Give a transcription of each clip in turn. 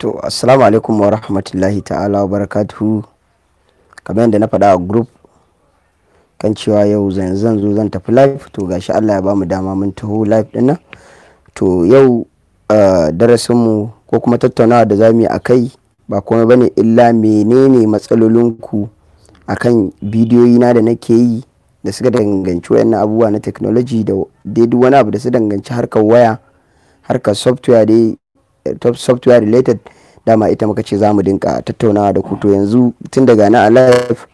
to assalamu alaikum wa rahmatullahi ta'ala wa barakatuhu kamar yadda na faɗa a group kan cewa yau zan zo zan tafi live to gashi Allah ya bamu dama mun taho live dinnan to yau darasinmu ko kuma tattaunawa da za mu yi a kai ba komai ne illa menene matsalolinku akan bidiyoyi na da nake yi da suka danganci wayannan abubuwa na technology da dai duk wani abu da su danganci harkar waya harkar software dai eh, software related dama ita muka ce za mu dinka tattaunawa da ku to yanzu tun daga na alive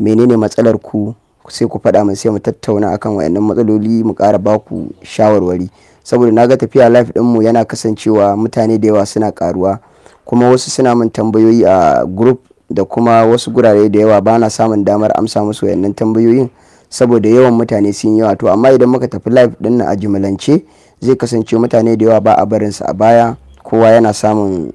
menene matsalar ku sai ku faɗa min sai mu tattauna akan wayannan matsaloli mu kara ba ku shawarwari saboda na ga tafiya live mu yana kasancewa mutane da yawa suna karuwa kuma wasu suna min tambayoyi a group da kuma wasu gurare da yawa ba na samun damar amsa musu wayannan tambayoyin saboda yawan mutane sun yawa to amma idan muka tafi live ɗin a jimalance zai kasance mutane da yawa ba a barinsa a baya kowa yana samun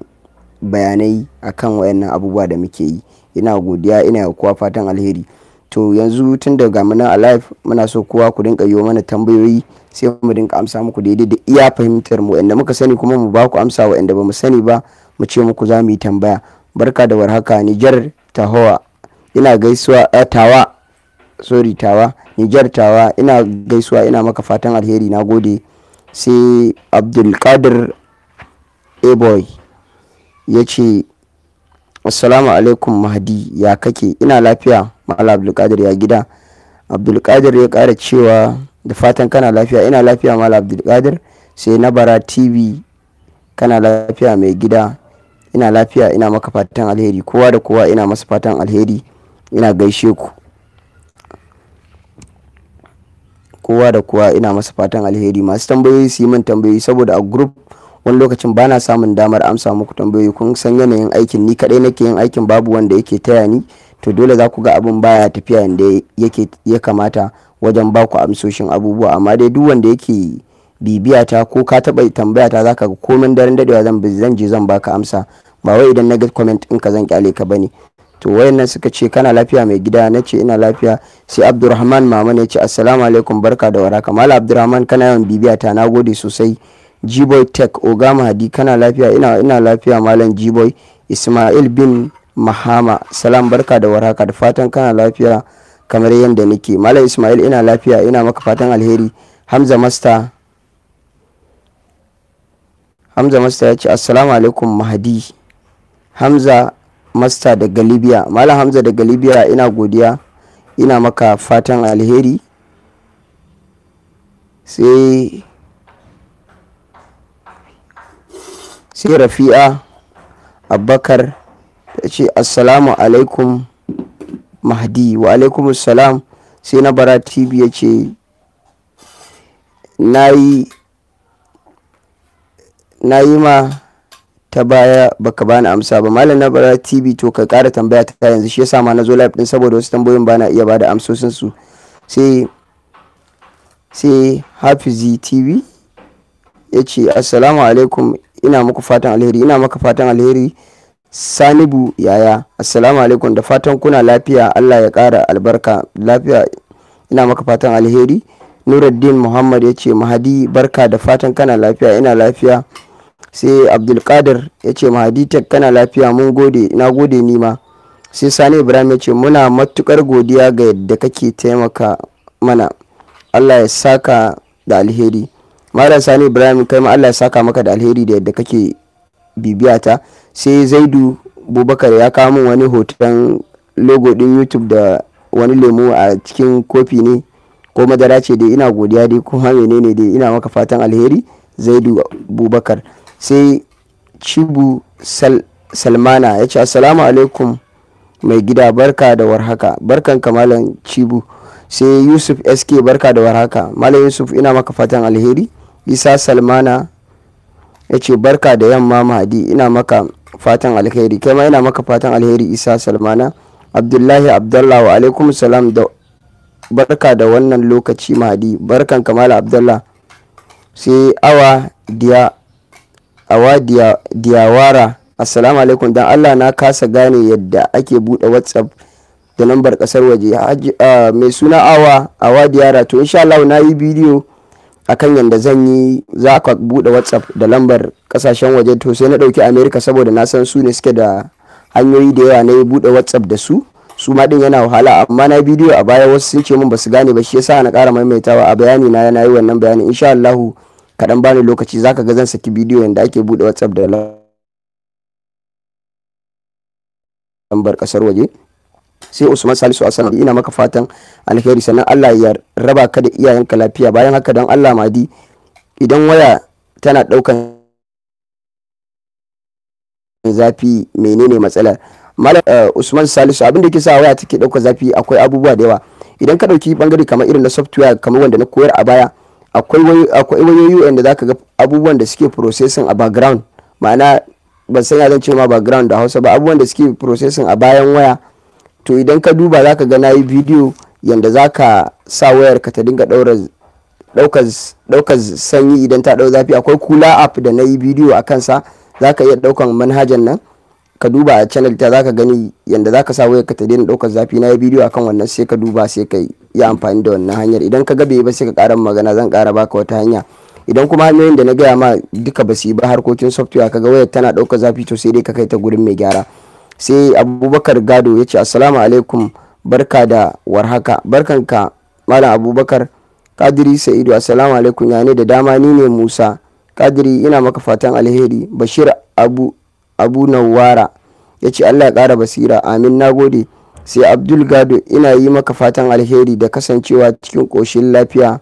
bayanai akan wayannan abubuwa da muke yi ina godiya ina kowa fatan alheri to yanzu tun daga muna a live muna so kowa ku dinka yi mana tambayoyi sai mu dinka amsa muku daidai da iya fahimtar mu inda muka sani kuma mu ba ku amsa wa inda bamu sani ba mu ce muku za mu yi tambaya barka da warhaka Nijar Tahowa ina gaisuwa eh, tawa sorry tawa Nijar tawa ina gaisuwa ina maka fatan alheri na gode sai Abdulkadir Eboy ya ce assalamu alaikum mahadi ya kake ina lafiya mala abdulkadir ya gida abdulkadir ya kara cewa da fatan kana lafiya ina lafiya mala abdulkadir sai na bara tv kana lafiya mai gida ina lafiya ina maka fatan alheri kowa da kowa ina masa fatan alheri ina gaishe ku kowa da kowa ina masa fatan alheri masu tambayoyi su yi min tambayoyi saboda a group wani lokacin ba na samun damar amsa muku tambayoyi kun san yanayin aikin ni kadai nake yin aikin babu wanda yake taya ni to dole za ku ga abin baya tafiya yadda yake ya kamata wajen ba ku amsoshin abubuwa amma dai duk wanda yake bibiya ta ko ka taba tambaya ta zaka ga komai daren dadewa zan bi zan je zan baka amsa ba wai idan na ga comment ka zan kyale ka bane to wayannan suka ce kana lafiya mai gida na ce ina lafiya sai abdurrahman mama ne ce assalamu alaikum barka da waraka mala abdurrahman kana yawan bibiya ta nagode sosai G-Boy Tech Oga Mahadi kana lafiya ina ina lafiya Malam G-Boy Ismail bin Mahama salam barka da warhaka da fatan kana lafiya kamar yadda nake Malam Ismail ina lafiya ina maka fatan alheri Hamza Master Hamza Master ya ce Assalamu alaikum Mahadi Hamza Master daga Libya Malam Hamza daga Libya ina godiya ina maka fatan alheri sai sai rafi'a abubakar ta ce assalamu alaikum mahdi wa alaikum salam sai na bara tv ya ce na yi ma ta baya baka bani amsa ba malam na bara tv to ka kara tambaya ta yanzu shi yasa ma na zo live din saboda wasu tambayoyin bana iya bada amsosin su sai sai hafizi tv ya ce assalamu alaikum ina muku fatan alheri ina maka fatan alheri sanibu yaya assalamu alaikum da fatan kuna lafiya allah ya kara albarka lafiya ina maka fatan alheri nuruddin muhammad ya ce mahadi barka da fatan kana lafiya ina lafiya sai abdulkadir ya ce mahadi tek kana lafiya mun gode na gode ni ma sai sani ibrahim ya ce muna matukar godiya ga yadda kake taimaka mana allah ya saka da alheri malam sani ibrahim kai ma allah ya saka maka da alheri da yadda kake bibiya ta sai zaidu bubakar ya kawo min wani hoton logo din youtube da wani lemu a cikin kofi ne ko madara ce dai ina godiya dai kuma menene dai ina maka fatan alheri zaidu bubakar sai chibu sal, salmana ya ce assalamu alaikum mai gida barka da warhaka barkan kamalan chibu, sai yusuf sk barka da warhaka malam yusuf ina maka fatan alheri isa salmana ya ce barka da yamma mahadi ina maka fatan alheri kai ma ina maka fatan alheri isa salmana abdullahi abdullah wa alaikum salam da barka da wannan lokaci mahadi barkan kamala abdullah sai awa diya awa diya diyawara assalamu alaikum dan allah na kasa gane yadda ake bude whatsapp da lambar kasar waje ah, mai suna awa awa diyara to insha allah na yi bidiyo akan yadda zan yi za ka buɗe whatsapp da lambar kasashen waje to sai na ɗauki america saboda na san su ne suke da hanyoyi da yawa na yi buɗe whatsapp da su su ma din yana wahala amma na bidiyo a baya wasu sun ce min basu gane ba shi yasa na kara maimaitawa a bayani na yana yi wannan bayani insha Allah kaɗan bani lokaci zaka ga zan saki bidiyo yanda ake buɗe whatsapp da lambar kasar waje sai usman salisu asan ina maka fatan alheri sannan allah ya raba ka da iyayenka lafiya bayan haka don allah madi idan waya tana daukan zafi menene matsalar matsala eh, usman salisu abin da ke sa waya take dauka zafi akwai abubuwa da yawa idan ka dauki bangare kamar irin na software kamar wanda na koyar a baya akwai wayoyi wanda za ka ga abubuwan da suke processing a background ma'ana ban san ya zan ce ma background da hausa ba abubuwan da suke processing a bayan waya to idan ka duba za ka ga na yi bidiyo yadda za ka sa wayar ka ta dinga ɗaukar sanyi idan ta dau zafi akwai kula app da na yi bidiyo a kansa za ka iya ɗaukan manhajan nan ka duba a channel ta za ka gani yadda za ka sa wayar ka ta daina ɗaukar zafi na yi bidiyo akan wannan sai ka duba sai ka yi amfani da wannan hanyar idan ka gabe ba sai ka kara magana zan kara baka wata hanya idan kuma hanyoyin da na gaya ma duka ba su yi ba harkokin software kaga wayar tana ɗaukar zafi to sai dai ka kai ta gurin mai gyara sai abubakar gado ya ce assalamu alaikum barka da warhaka barkanka malam abubakar kadiri sa'idu assalamu alaikum ya ne da dama ni ne musa kadiri ina maka fatan alheri bashir abu abu nawara ya ce allah ya kara basira amin na gode sai abdul gado ina yi maka fatan alheri da kasancewa cikin koshin lafiya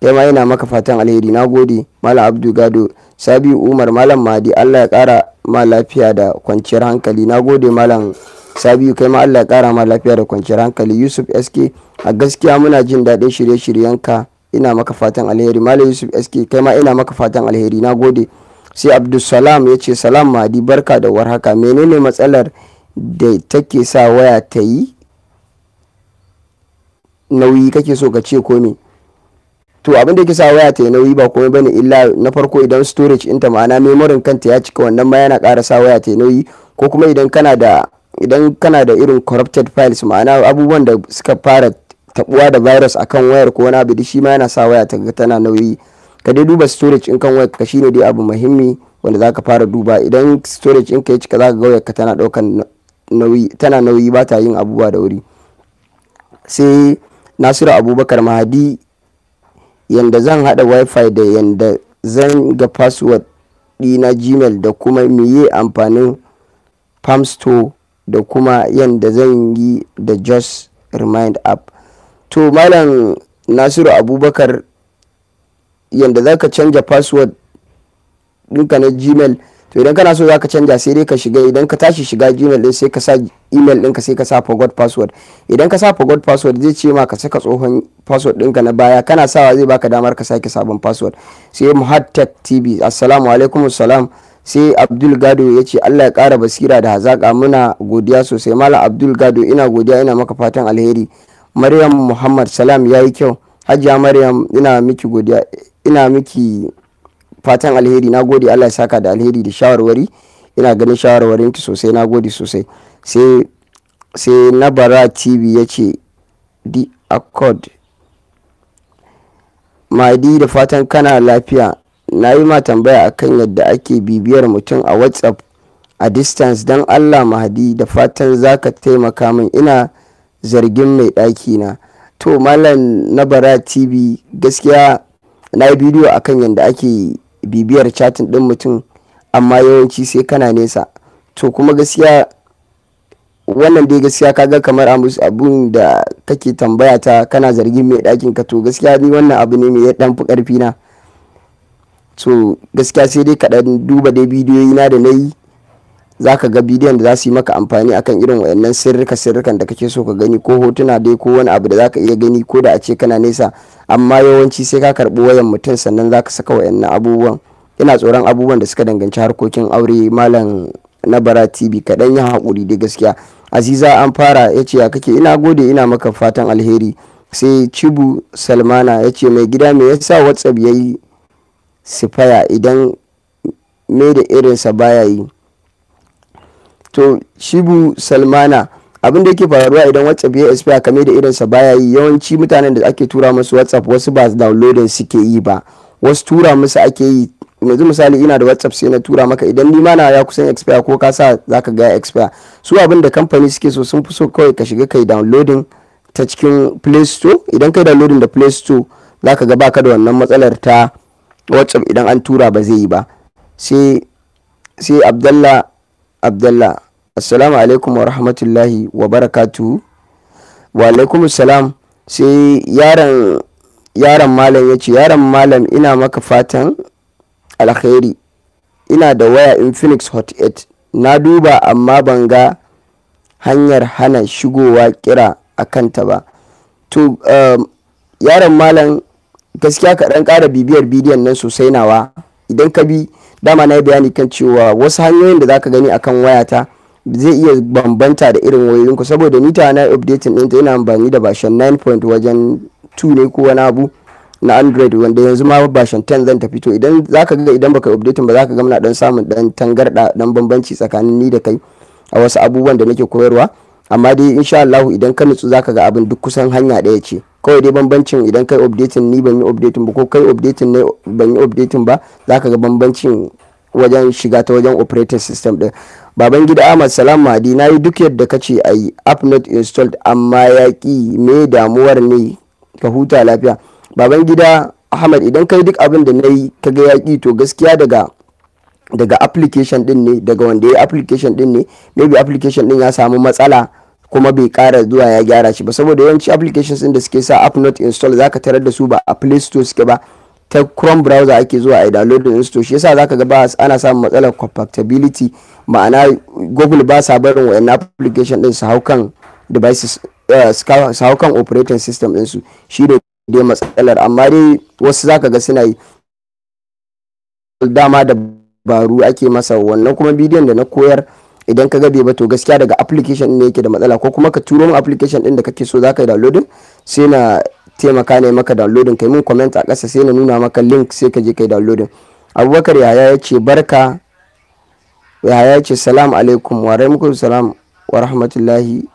kai ma ina maka fatan alheri na gode malam abdul gado sabi umar malam madi allah ya kara ma lafiya da kwanciyar hankali na gode malam sabiu kai ma allah ya kara ma lafiya da kwanciyar hankali yusuf sk a gaskiya muna jin daɗin shirye-shiryenka ina maka fatan alheri malam yusuf sk kai ma ina maka fatan alheri na gode sai abdulsalam ya ce salam madi barka da warhaka menene matsalar da take sa waya ta yi nauyi kake so ka ce ko me to abin da yake sa waya ta yi nauyi ba komai bane illa na farko idan storage inta ma'ana memorin kanta ya cika wannan ma yana ƙara sa waya ta yi nauyi ko kuma idan kana da idan kana da irin corrupted files ma'ana abubuwan da suka fara tabuwa da virus akan wayar ko wani abu shi ma yana sa waya ta tana nauyi ka dai duba storage in kan wayar ka shine dai abu muhimmi wanda zaka fara duba idan storage in ka ya cika zaka ga wayar ka tana daukan nauyi tana nauyi ba ta yin abubuwa da wuri sai nasiru abubakar mahadi yanda zan haɗa wifi da yanda zan ga password ɗina gmail da kuma meye amfanin store da kuma yanda zan yi da just remind app to malam nasiru abubakar yanda za ka canja password ɗinka na gmail to idan kana so zaka canja sai dai ka shiga idan ka tashi shiga gmail din sai ka sa email ɗinka sai ka sa forgot password idan ka sa forgot password zai ce ma ka saka tsohon password ɗinka na baya kana sawa zai baka damar ka sake sabon password sai muhattat tv assalamu alaikum salam sai abdul gado ya ce allah ya kara basira da hazaƙa muna godiya sosai malam abdul gado ina godiya ina maka fatan alheri maryam muhammad salam ya yi kyau hajiya maryam ina miki godiya ina miki fatan alheri na gode allah ya saka da alheri da shawarwari ina ganin ki sosai na gode sosai sai sai nabara tv ya ce di accord ma'adi da fatan kana lafiya na yi ma tambaya akan yadda ake bibiyar mutum a whatsapp a distance don allah mahadi da fatan za ka taimaka min ina zargin mai ɗaki na to malam bara tv gaskiya na yi bidiyo akan yadda ake bibiyar chatin din mutum amma yawanci sai kana nesa to kuma gaskiya wannan dai gaskiya kaga kamar amus abun da kake tambaya ta kana zargin mai dakin ka to gaskiya ni wannan abu ne mai dan fi karfi na to gaskiya sai dai kaɗan duba dai bidiyoyi na da na yi za ka ga bidiyon da za su yi maka amfani akan irin wayannan sirrika sirrikan da kake so ka gani ko hotuna dai ko wani abu da za ka iya gani ko da a ce kana nesa amma yawanci sai ka karɓi wayan mutum sannan za ka saka wayannan abubuwan ina tsoron abubuwan da suka danganci harkokin aure malam na bara tv kaɗan ya haƙuri da gaskiya aziza an fara ya ce ya kake ina gode ina maka fatan alheri sai cibu salmana ya ce mai gida me yasa whatsapp ya yi sifaya idan me da irinsa baya yi to shibu salmana abin da yake faruwa idan whatsapp ya expire kame da irinsa baya yi yawanci mutanen da ake tura musu whatsapp wasu ba downloading suke yi ba wasu tura musu ake yi yanzu misali ina da whatsapp sai na tura maka idan limana ya kusan expire ko ka sa zaka ga ya expire su abin da kamfani suke so sun fi so kawai ka shiga kai downloading ta cikin play store idan kai downloading da play store zaka ga baka da wannan matsalar ta whatsapp idan an tura ba zai yi ba sai sai abdallah abdallah assalamu alaikum wa rahmatullahi wa barakatu wa alaikum salam sai yaron yaran malam ya ce yaron malam ina maka fatan alkhairi ina da waya in phoenix hot 8 na duba amma ban ga hanyar hana shigowa kira a kanta ba to um, yaron malam gaskiya ka dan kara bibiyar bidiyon nan sosai nawa idan ka bi dama na yi bayani kan cewa wasu hanyoyin da zaka gani akan wayata zai iya bambanta da irin wayoyin ku saboda ni ta na updating ɗinta ina amfani da version 9. wajen 2 ne ko wani abu na android wanda yanzu ma version 10 zan tafi to idan zaka ga idan baka updating ba zaka ga muna dan samun dan tangarda dan bambanci tsakanin ni da kai a wasu abubuwan da nake koyarwa amma dai insha Allah idan ka nutsu zaka ga abin duk kusan hanya ɗaya ce kawai dai bambancin idan kai updating ni ban yi updating ba ko kai updating ne ban yi updating ba za ka ga bambancin wajen shiga ta wajen operating system din baban gida ahmad salam mahdi na yi duk yadda ka ce a yi app not installed amma ya ki me damuwar ne ka huta lafiya baban gida ahmad idan kai duk abin da na yi ka ga ya ki to gaskiya daga daga application din ne daga wanda ya application din ne maybe application din ya samu matsala kuma bai kara zuwa ya gyara shi ba saboda yawanci applications din da suke sa app not install zaka tarar da su ba a play store suke ba ta chrome browser ake zuwa a download din store shi yasa zaka ga ba ana samun matsalar compatibility ma'ana google ba sa barin wayannan application din su hau kan devices eh, su hau kan operating system din su shi da dai matsalar amma dai wasu zaka ga suna yi dama da baru ake masa wannan kuma bidiyon da na koyar idan ka gabe ba to gaskiya daga application ne yake da matsala ko kuma ka turo mu application din da kake so zaka yi downloading sai na taimaka ne maka downloading kai min comment a ƙasa sai na nuna maka link sai ka je kai downloading abubakar yaya ya ce barka yaya salam alaikum wa rahmatullahi salam wa rahmatullahi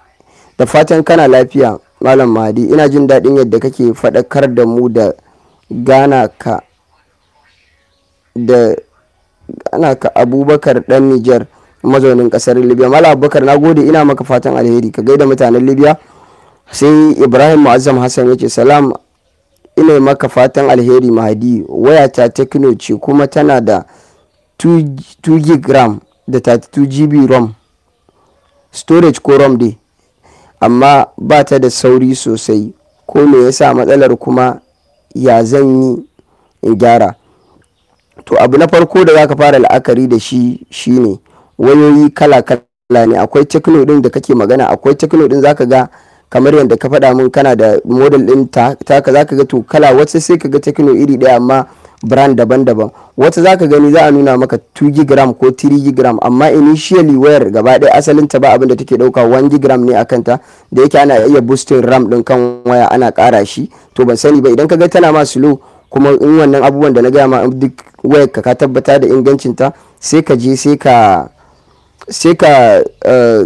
da fatan kana lafiya malam mahadi ina jin daɗin yadda kake faɗakar da mu da gana ka da gana ka abubakar dan nijar mazaunin kasar libya mala abubakar na gode ina maka fatan alheri ka gaida mutanen libya sai ibrahim mu'azzam hassan ya ce salam ina maka fatan alheri mahadi waya ta tekno ce kuma tana da 2 gig ram da 32 gb rom storage ko rom dai amma ba ta da sauri sosai ko me yasa matsalar kuma ya zan yi in gyara to abu na farko da zaka fara la'akari da shi shine wayoyi kala kala ne akwai tekno din da kake magana akwai tekno din zaka ga kamar yadda ka faɗa min kana da model din ta zaka ga to kala wacce sai ka ga tekno iri daya amma brand daban-daban wata zaka gani za a nuna maka 2 gigram ko 3 gram amma initially wayar gaba ɗaya asalin ta ba abin da take ɗauka 1 gigram ne akan ta da yake ana iya boosting ram ɗin kan waya ana ƙara shi to ban sani ba idan ka ga tana ma slow kuma in wannan abubuwan da na gaya ma duk wayar ka tabbata da ingancin ta sai ka je sai ka sai ka eh,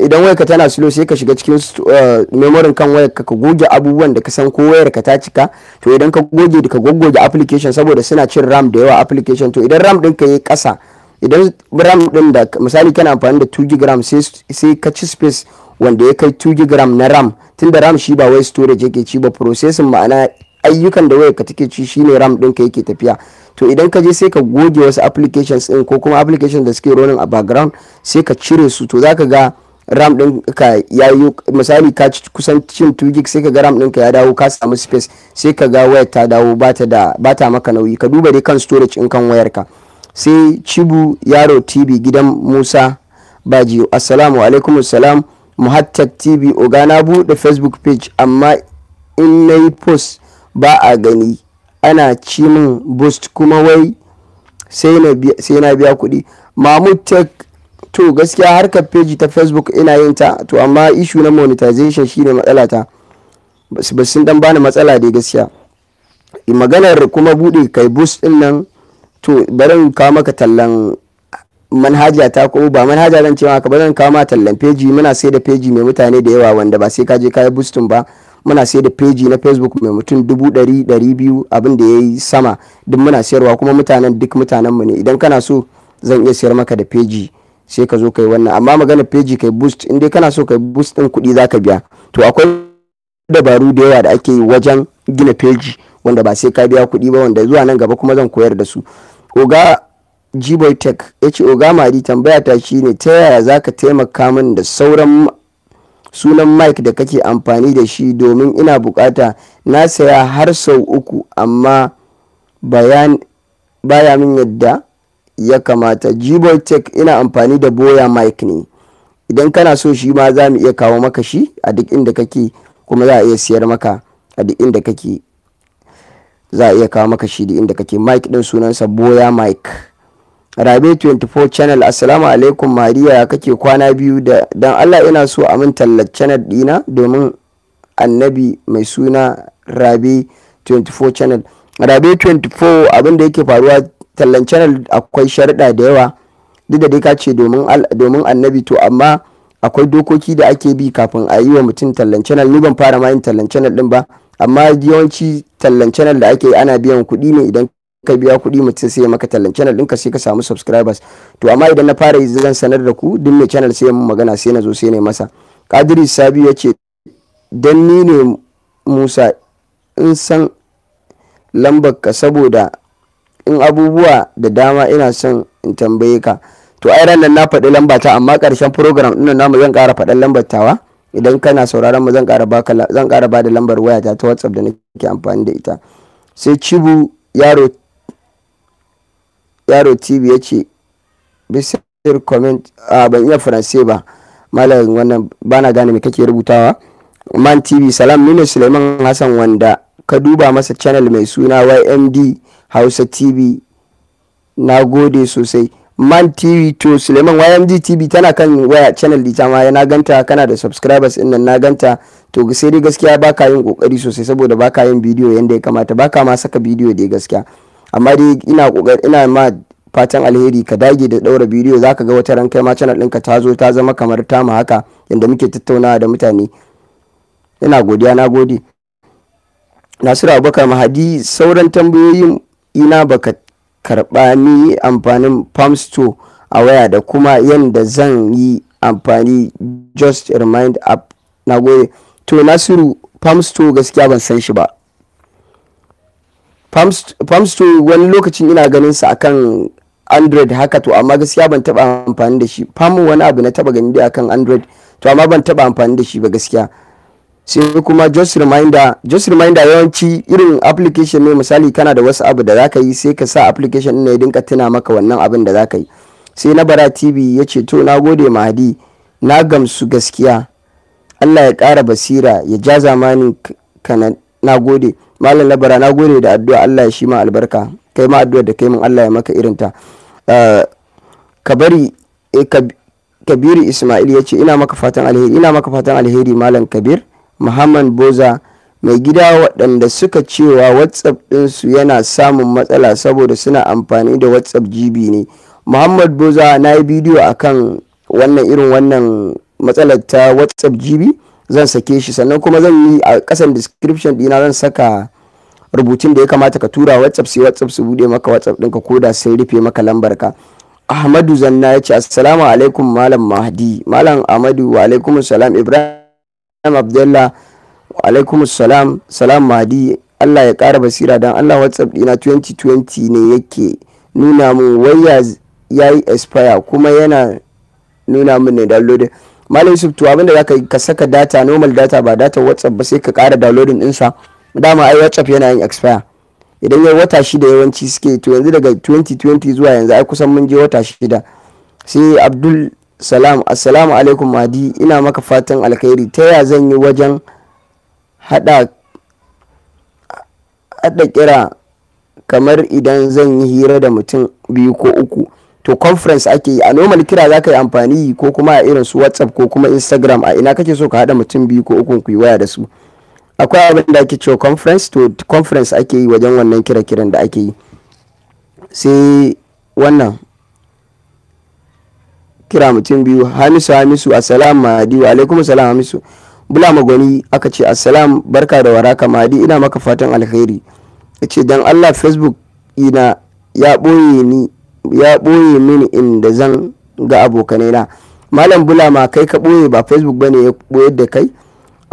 idan wayarka tana slow sai ka shiga cikin eh, memory kan wayarka ka goge abubuwan da ka san ko wayarka ta cika to idan ka goge da ka goggoge application saboda suna cin ram da yawa application to idan ram ɗinka yi ƙasa idan ram ɗin da misali kana amfani da 2 gigram sai ka ci space wanda ya kai 2 gigram na ram tunda ram shi ba wai storage yake ci ba processing ma'ana ayyukan da wayarka take ci shine ram ɗinka yake tafiya to idan ka je sai ka goge wasu applications din ko kuma applications da suke running a background sai ka cire su to zaka ga ram din ka ya yi misali ka ci kusan cin 2 gig sai ka ga ram din ka ya dawo ka samu space sai ka ga wayar ta dawo bata da ta maka nauyi ka duba dai kan storage in kan wayar ka sai cibu yaro tv gidan musa baji assalamu alaikum assalam muhattab tv ogana bu da facebook page amma in na yi post ba a gani ana ci min boost kuma wai sai na biya kuɗi mahmud tech to gaskiya harkar page ta facebook ina yin ta to amma ishu na monetization shine ta ba sun dan bani matsala dai gaskiya maganar kuma bude kai boost din nan to barin kawo maka tallan manhaja ta ko ba manhaja zan ce maka barin kawo ma tallan page muna sai da page mai mutane da yawa wanda ba sai ka je kayi boostin ba muna sai da peji na facebook mai mutum dubu ɗari ɗari biyu abin ya yi sama duk muna sayarwa kuma mutanen duk mutanen mu ne idan kana so zan iya sayar maka da peji sai ka zo kai wannan amma magana peji kai boost in dai kana so kai boost din kuɗi ka biya to akwai dabaru da yawa da ake yi wajen gina peji wanda ba sai ka biya kuɗi ba wanda zuwa nan gaba kuma zan koyar da su oga gboy tech ya ce oga mari tambaya ta shine ta yaya za ka taimaka min da sauran sunan mike da kake amfani da shi domin ina bukata na saya har sau uku amma baya min yadda ya kamata gboy tech ina amfani da boya mike ne idan kana so shi ma za mu iya kawo maka shi a duk inda kake kuma za a iya siyar maka a duk inda kake za a iya kawo maka shi duk inda kake mike din sunansa boya mike rabe 24 channel assalamu alaikum mariya kake kwana biyu da dan allah ina so a min tallar channel dina domin annabi mai suna rabe 24 channel rabe 24 abinda yake faruwa tallan channel akwai sharda da yawa duk da dai ka ce domin annabi to amma akwai dokoki da ake bi kafin a yi wa mutum tallan channel ni ban fara ma yin tallan channel din ba amma yawanci tallan channel da ake ana biyan kuɗi ne idan ka biya kuɗi mutum sai maka tallan channel ka sai ka samu subscribers to amma idan na fara zan sanar da ku duk mai channel sai mun magana sai na zo sai na masa kadiri sabi ya ce dan ni ne musa in san lambar ka saboda in abubuwa da dama ina son in tambaye ka to ai ran na faɗi lamba ta amma ƙarshen program ɗin namu zan ƙara faɗan lambar tawa idan kana sauraron mu zan ƙara baka zan ƙara bada lambar wayata ta WhatsApp da nake amfani da ita sai cibu yaro yaro tv ya ce bisir comment a ban iya faransai ba malayin wannan ba na gane me kake rubutawa man tv salam nuna suleiman hassan wanda ka duba masa channel mai suna ymd hausa tv na gode sosai man tv to suleiman ymd tv tana kan waya channel dita ma na ganta kana da subscribers innan na ganta to sai dai gaskiya baka yin kokari sosai saboda baka yin bidiyo yadda ya kamata baka ma saka bidiyo dai gaskiya amma dai ina ina ma fatan alheri ka dage da daura bidiyo zaka ga wata ran kai ma channel ɗinka ta zo ta zama kamar ta ma haka inda muke tattaunawa da mutane ina godiya na gode nasiru abubakar mahadi sauran tambayoyin ina baka karba ni amfanin palm store a waya da kuma yadda zan yi amfani just remind app na gode to nasiru palm store gaskiya ban san shi ba farms to wani lokacin ina ganin sa akan android haka to amma gaskiya ban taba amfani da shi farm wani abu na taba gani da akan android to amma ban taba amfani da shi ba gaskiya sai kuma just reminder just reminder yawanci irin application ne misali kana da wasu abu da zaka yi sai ka sa application ne ya dinka tuna maka wannan abin da zaka yi sai na bara tv ya ce to na gode mahadi na gamsu gaskiya allah ya kara basira ya ja zamani kana na gode malam labara na gode da addu'a Allah ya shi ma albarka kai ma addu'a da kai min Allah ya maka irin ta eh, eh, ka kabiru ismail ya ce ina maka fatan alheri ina maka fatan alheri malam kabir muhammad boza mai gida waɗanda suka cewa whatsapp ɗinsu yana samun matsala saboda suna amfani da whatsapp gb ne muhammad boza na yi bidiyo akan wannan irin wannan matsalar ta whatsapp gb zan sake shi sannan kuma zan yi a ƙasan description ɗina zan saka rubutun da ya kamata ka tura whatsapp sai whatsapp su bude maka whatsapp ɗinka ko da sai rufe maka lambar ka ahmadu zanna ya ce assalamu alaikum malam mahdi malam ahmadu wa alaikum salam ibrahim abdulla wa alaikum salam salam mahdi allah ya kara basira dan allah whatsapp dina 2020 ne yake nuna mun waya ya yi expire kuma yana nuna mun ne downloading malam yusuf to abinda zaka ka saka data normal data ba data whatsapp ba sai ka kara downloading dinsa dama ai whatsapp yana yin expire idan yau wata shida yawanci suke to yanzu daga 2020 zuwa yanzu ai kusan mun je wata shida sai abdul salam assalamu alaikum madi ina maka fatan alkhairi ta ya zan yi wajen hada hada kira kamar idan zan yi hira da mutum biyu ko uku to conference ake yi a normal kira za ka yi amfani ko kuma a irin su whatsapp ko kuma instagram a ina kake so ka hada mutum biyu ko uku ku yi waya da su akwai abin da ake cewa conference to conference ake yi wajen wannan kira-kiran da ake yi sai wannan kira mutum biyu hamisu hamisu assalamu mahadi wa alaikum salam hamisu bula magwani aka ce assalam barka da waraka mahadi ina maka fatan alkhairi ya ce don allah facebook ina ya ɓoye ni ya mini inda zan ga abokanai na malam bula ma kai ka ɓoye ba facebook bane ya ɓoye da kai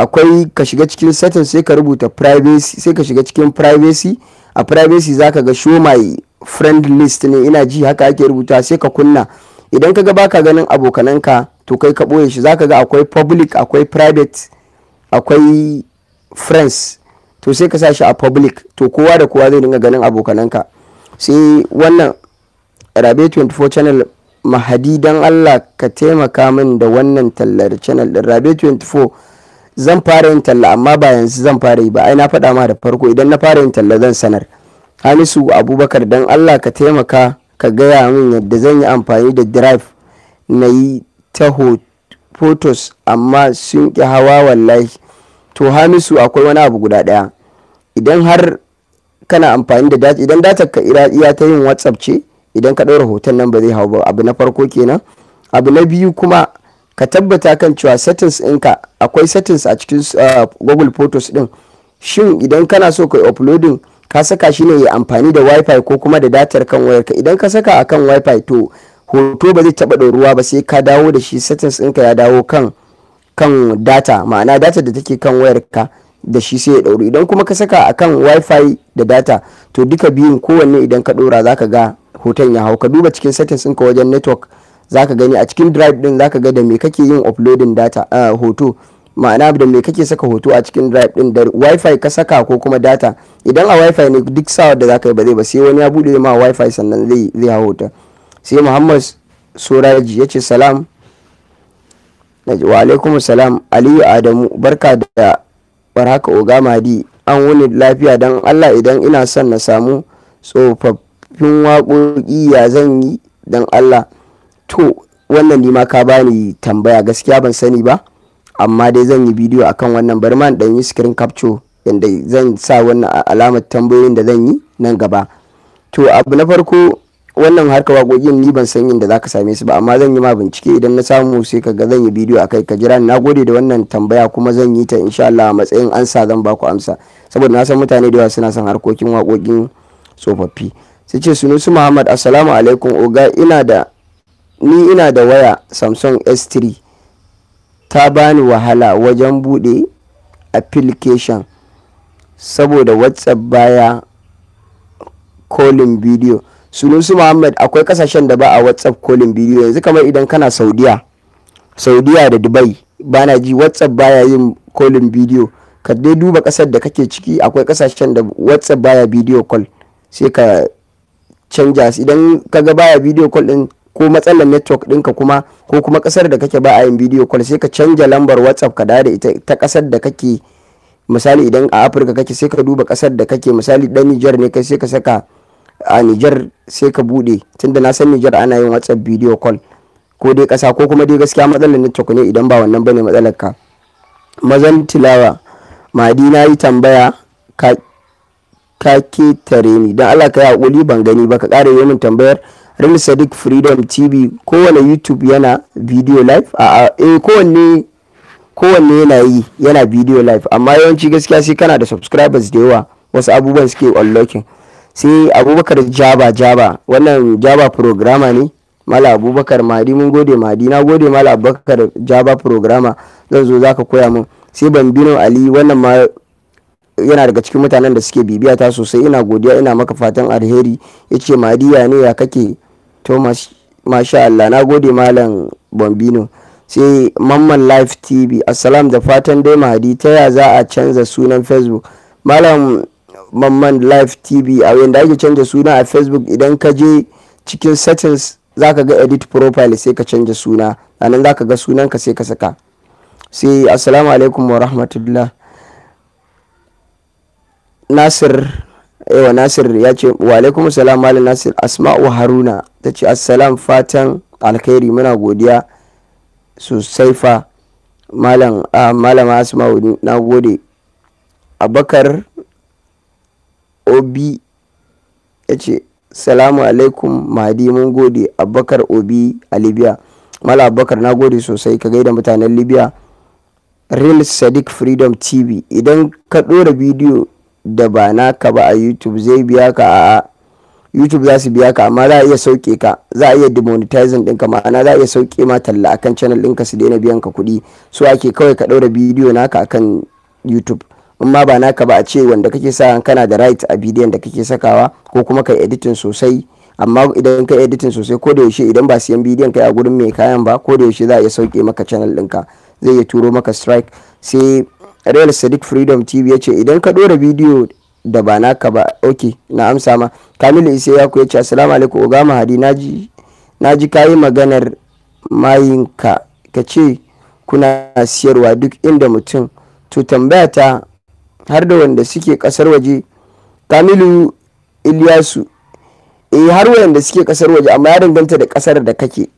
akwai ka shiga cikin setting sai ka rubuta privacy sai ka shiga cikin privacy a privacy zaka ga show my friend list ne ina ji haka ake rubuta sai ka kunna idan ka ga baka ganin abokananka to kai ka ɓoye shi zaka ga akwai public akwai private akwai friends to sai ka sa shi a public to kowa da kowa zai dinga ganin abokananka sai wannan rabe 24 channel mahadi dan allah ka taimaka min da wannan tallar channel din rabe 24 zan fara yin talla amma ba yanzu zan fara yi ba ai na faɗa ma da farko idan na fara yin talla zan sanar hamisu abubakar dan allah ka taimaka ka gaya min yadda zan yi amfani da drive na yi ta photos amma sun ƙi hawa wallahi to hamisu akwai wani abu guda ɗaya idan har kana amfani da data idan data ka iya ta yin whatsapp ce idan ka ɗaura hoton nan ba zai hau ba abu na farko kenan abu na biyu kuma ka tabbata kan cewa settings ɗinka akwai settings a cikin uh, google photos ɗin shin idan kana so ka uploading ka saka shi ne ya amfani da wifi ko kuma da datar kan wayarka idan ka saka a kan wifi to hoto ba zai taɓa ɗoruwa ba sai ka dawo da shi settings ɗinka ya dawo kan kan data ma'ana data da take kan wayar ka da shi sai ya ɗauri idan kuma ka saka a kan wifi da data to duka biyun kowanne idan ka ɗora za ka ga hoton ya hau ka duba cikin settings ɗinka wajen network zaka gani a cikin drive din zaka ga da me kake yin uploading data uh, hoto ma'ana da me kake saka hoto a cikin drive din da wifi ka saka ko kuma data idan a wifi ne duk sawar da zaka yi ba zai ba sai wani ya bude ma wifi sannan zai zai hawo ta sai muhammad suraji ya ce salam wa alaikum salam aliyu adamu barka da barhaka oga madi an wuni lafiya dan allah idan ina son na samu tsofaffin waƙoƙi ya zan yi dan allah to wannan ni ma ka bani tambaya gaskiya ban sani ba amma dai zan yi bidiyo akan wannan bari ma dan yi screen capture yanda zan sa wannan alamar tambayoyin da zan yi nan gaba to abu na farko wannan harkar wagogin ni ban san inda zaka same su ba amma zan yi ma bincike idan na samu sai ka ga zan yi bidiyo akai ka jira na gode da wannan tambaya kuma zan yi ta insha Allah matsayin ansa zan ba ku amsa saboda na san mutane da yawa suna son harkokin waƙoƙin tsofaffi sai ce su Muhammad assalamu alaikum oga ina da ni ina da waya samsung s3 ta bani wahala wajen bude application saboda whatsapp baya calling video sunusu muhammad akwai kasashen da ba a whatsapp calling video yanzu kamar idan kana saudiya saudiya da dubai bana ji whatsapp baya yin calling video ka dai duba kasar da kake ciki akwai kasashen da whatsapp baya video call sai ka canja idan kaga baya video call din ko matsalar network ɗinka kuma ko kuma ƙasar da kake ba a yin video call sai ka canja lambar whatsapp ka da ita ta ƙasar da kake misali idan a afirka kake sai ka duba ƙasar da kake misali dan nijar ne kai sai ka saka a nijar sai ka buɗe tunda na san nijar ana yin whatsapp video call ko dai ƙasa ko kuma dai gaskiya matsalar network ne idan ba wannan bane matsalar ka mazan tilawa madi na yi tambaya ka ka tare ni don allah ka yi hakuri ban gani ba ka ƙara yi min tambayar real sadiq freedom tv kowane youtube yana video live a e eh, kowanne kowanne yana yi yana video live amma yawanci gaskiya sai kana da subscribers da yawa wasu abubuwan suke unlocking sai abubakar jaba jaba wannan jaba programa ne mala abubakar madi mun gode madi na gode mala abubakar jaba programa zan zo zaka koya min sai bambino ali wannan ma yana daga cikin mutanen da suke bibiya ta sosai ina godiya ina maka fatan alheri ya ce madiya ne ya kake to masha Allah na gode malam bombino sai mamman live tv assalam da fatan dai mahadi ta ya za a canza sunan facebook malam mamman live tv a yanda ake canza suna a facebook idan ka je cikin settings za ka ga edit profile sai ka canza suna anan ka ga sunanka sai ka saka sai assalamu alaikum wa rahmatullah nasir yawa nasir ya ce wa alaikum salam malam nasir asma'u haruna ta ce assalam fatan alkhairi muna godiya sosai fa malam ah, malama asma'u na gode abakar obi ya ce salamu alaikum mahadi mun gode abakar obi a libya malam abakar na gode sosai ka gaida mutanen libya real sadiq freedom tv idan ka ɗora bidiyo da ba naka ba a youtube zai biya ka a youtube za su biya ka amma za a iya sauke ka za a iya demonetizing ɗinka ma'ana za a iya sauke ma talla akan channel ɗinka su daina biyan ka kuɗi so ake kawai ka ɗaura bidiyo naka akan youtube ma ba naka ba a ce wanda kake sa kana da right a bidiyon da kake sakawa ko kuma kai editing sosai amma idan kai editing sosai ko da yaushe idan ba siyan bidiyon kai a gurin mai kayan ba ko da yaushe za a iya sauke maka channel ɗinka zai iya turo maka strike sai real sadiq freedom tv ya ce idan ka ɗora bidiyo da ba naka ba ok na amsa ma kamilu isa ya kuwa ce assalamu alaikum ogama hadi na ji kayi maganar mayinka ka ce kuna siyarwa duk inda mutum to tambaya ta har da wanda suke kasar waje kamilu iliyasu eh har wanda suke kasar waje amma ya danganta da kasar da kake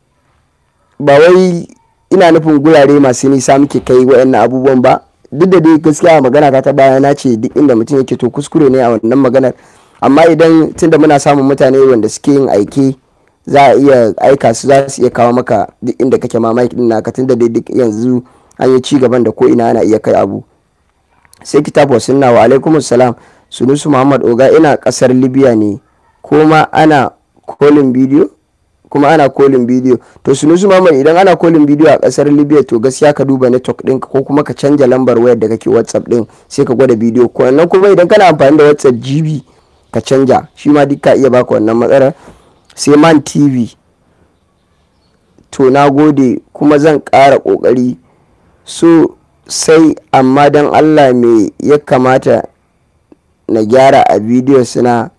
ba wai ina nufin gurare masu nisa muke kai waɗannan abubuwan ba duk da dai gaskiya magana ta ta baya na ce duk inda mutum yake to kuskure ne a wannan maganar amma idan tunda muna samun mutane wanda suke yin aiki za a iya aika su za su iya kawo maka duk inda kake mamaki din naka tunda dai duk yanzu an yi ci gaban da ko ina ana iya kai abu sai kitabu sunna wa alaikum salam sunusu muhammad oga ina kasar libya ne kuma ana kolin bidiyo kuma ana kolin bidiyo to sunusu mamman idan ana kolin bidiyo a kasar libya to gaskiya ka duba network ɗin ko kuma ka canja lambar wayar da kake whatsapp ɗin sai ka gwada bidiyo ko nan kuma idan kana amfani da whatsapp gb ka canja shi ma duk iya baka wannan matsalar sai man tv to na gode kuma zan ƙara ƙoƙari so sai amma dan allah me ya kamata na gyara a bidiyo suna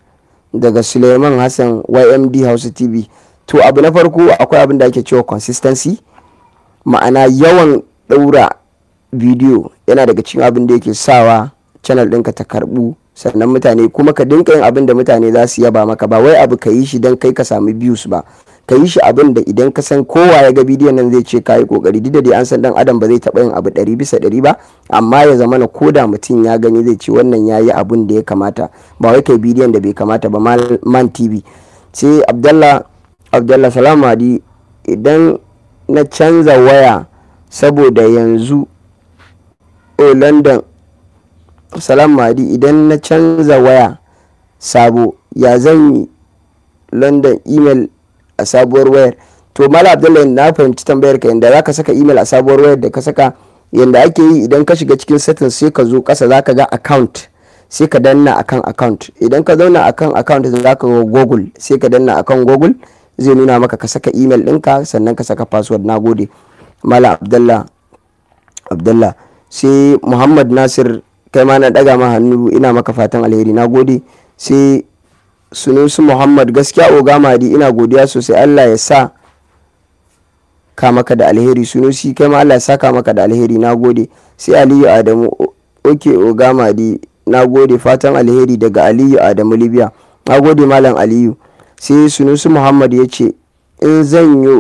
daga suleiman hassan ymd hausa tv to abu na farko akwai abin da ake cewa consistency ma'ana yawan daura bidiyo yana daga cikin abin da yake sawa channel ɗinka ta karbu sannan mutane kuma ka dinka yin abin da mutane za su yaba maka ba wai abu ka yi shi don kai ka sami views ba ka yi shi abin da idan ka san kowa ya ga bidiyon nan zai ce ka yi kokari duk da dai an san dan adam ba zai taɓa yin abu ɗari bisa ɗari ba amma ya zama na koda mutum ya gani zai ce wannan ya yi abin da ya kamata ba wai kai bidiyon da bai kamata ba man tv sai abdallah abdullah salam hadi idan na canza waya saboda yanzu o eh, london salam hadi idan na canza waya sabo ya zan yi london email a sabuwar wayar to mala abdullahi na fahimci tambayar ka yadda zaka saka email a sabuwar wayar da ka saka yadda ake yi idan ka shiga cikin setting sai ka zo kasa zaka ga account sai ka danna akan account idan ka zauna akan account zaka ga google sai ka danna akan google zai nuna maka ka saka email ɗinka sannan ka saka password na gode mala abdallah abdalla sai muhammad nasir kai ma na daga ma hannu ina maka fatan alheri na gode sai sunusu muhammad gaskiya oga madi ina godiya sosai allah ya sa ka maka da alheri sunusi kai ma allah ya saka maka da alheri na gode sai aliyu adamu oke oga madi na gode fatan alheri daga aliyu adamu libya na gode malam aliyu sai sunusu muhammad ya ce in zanyo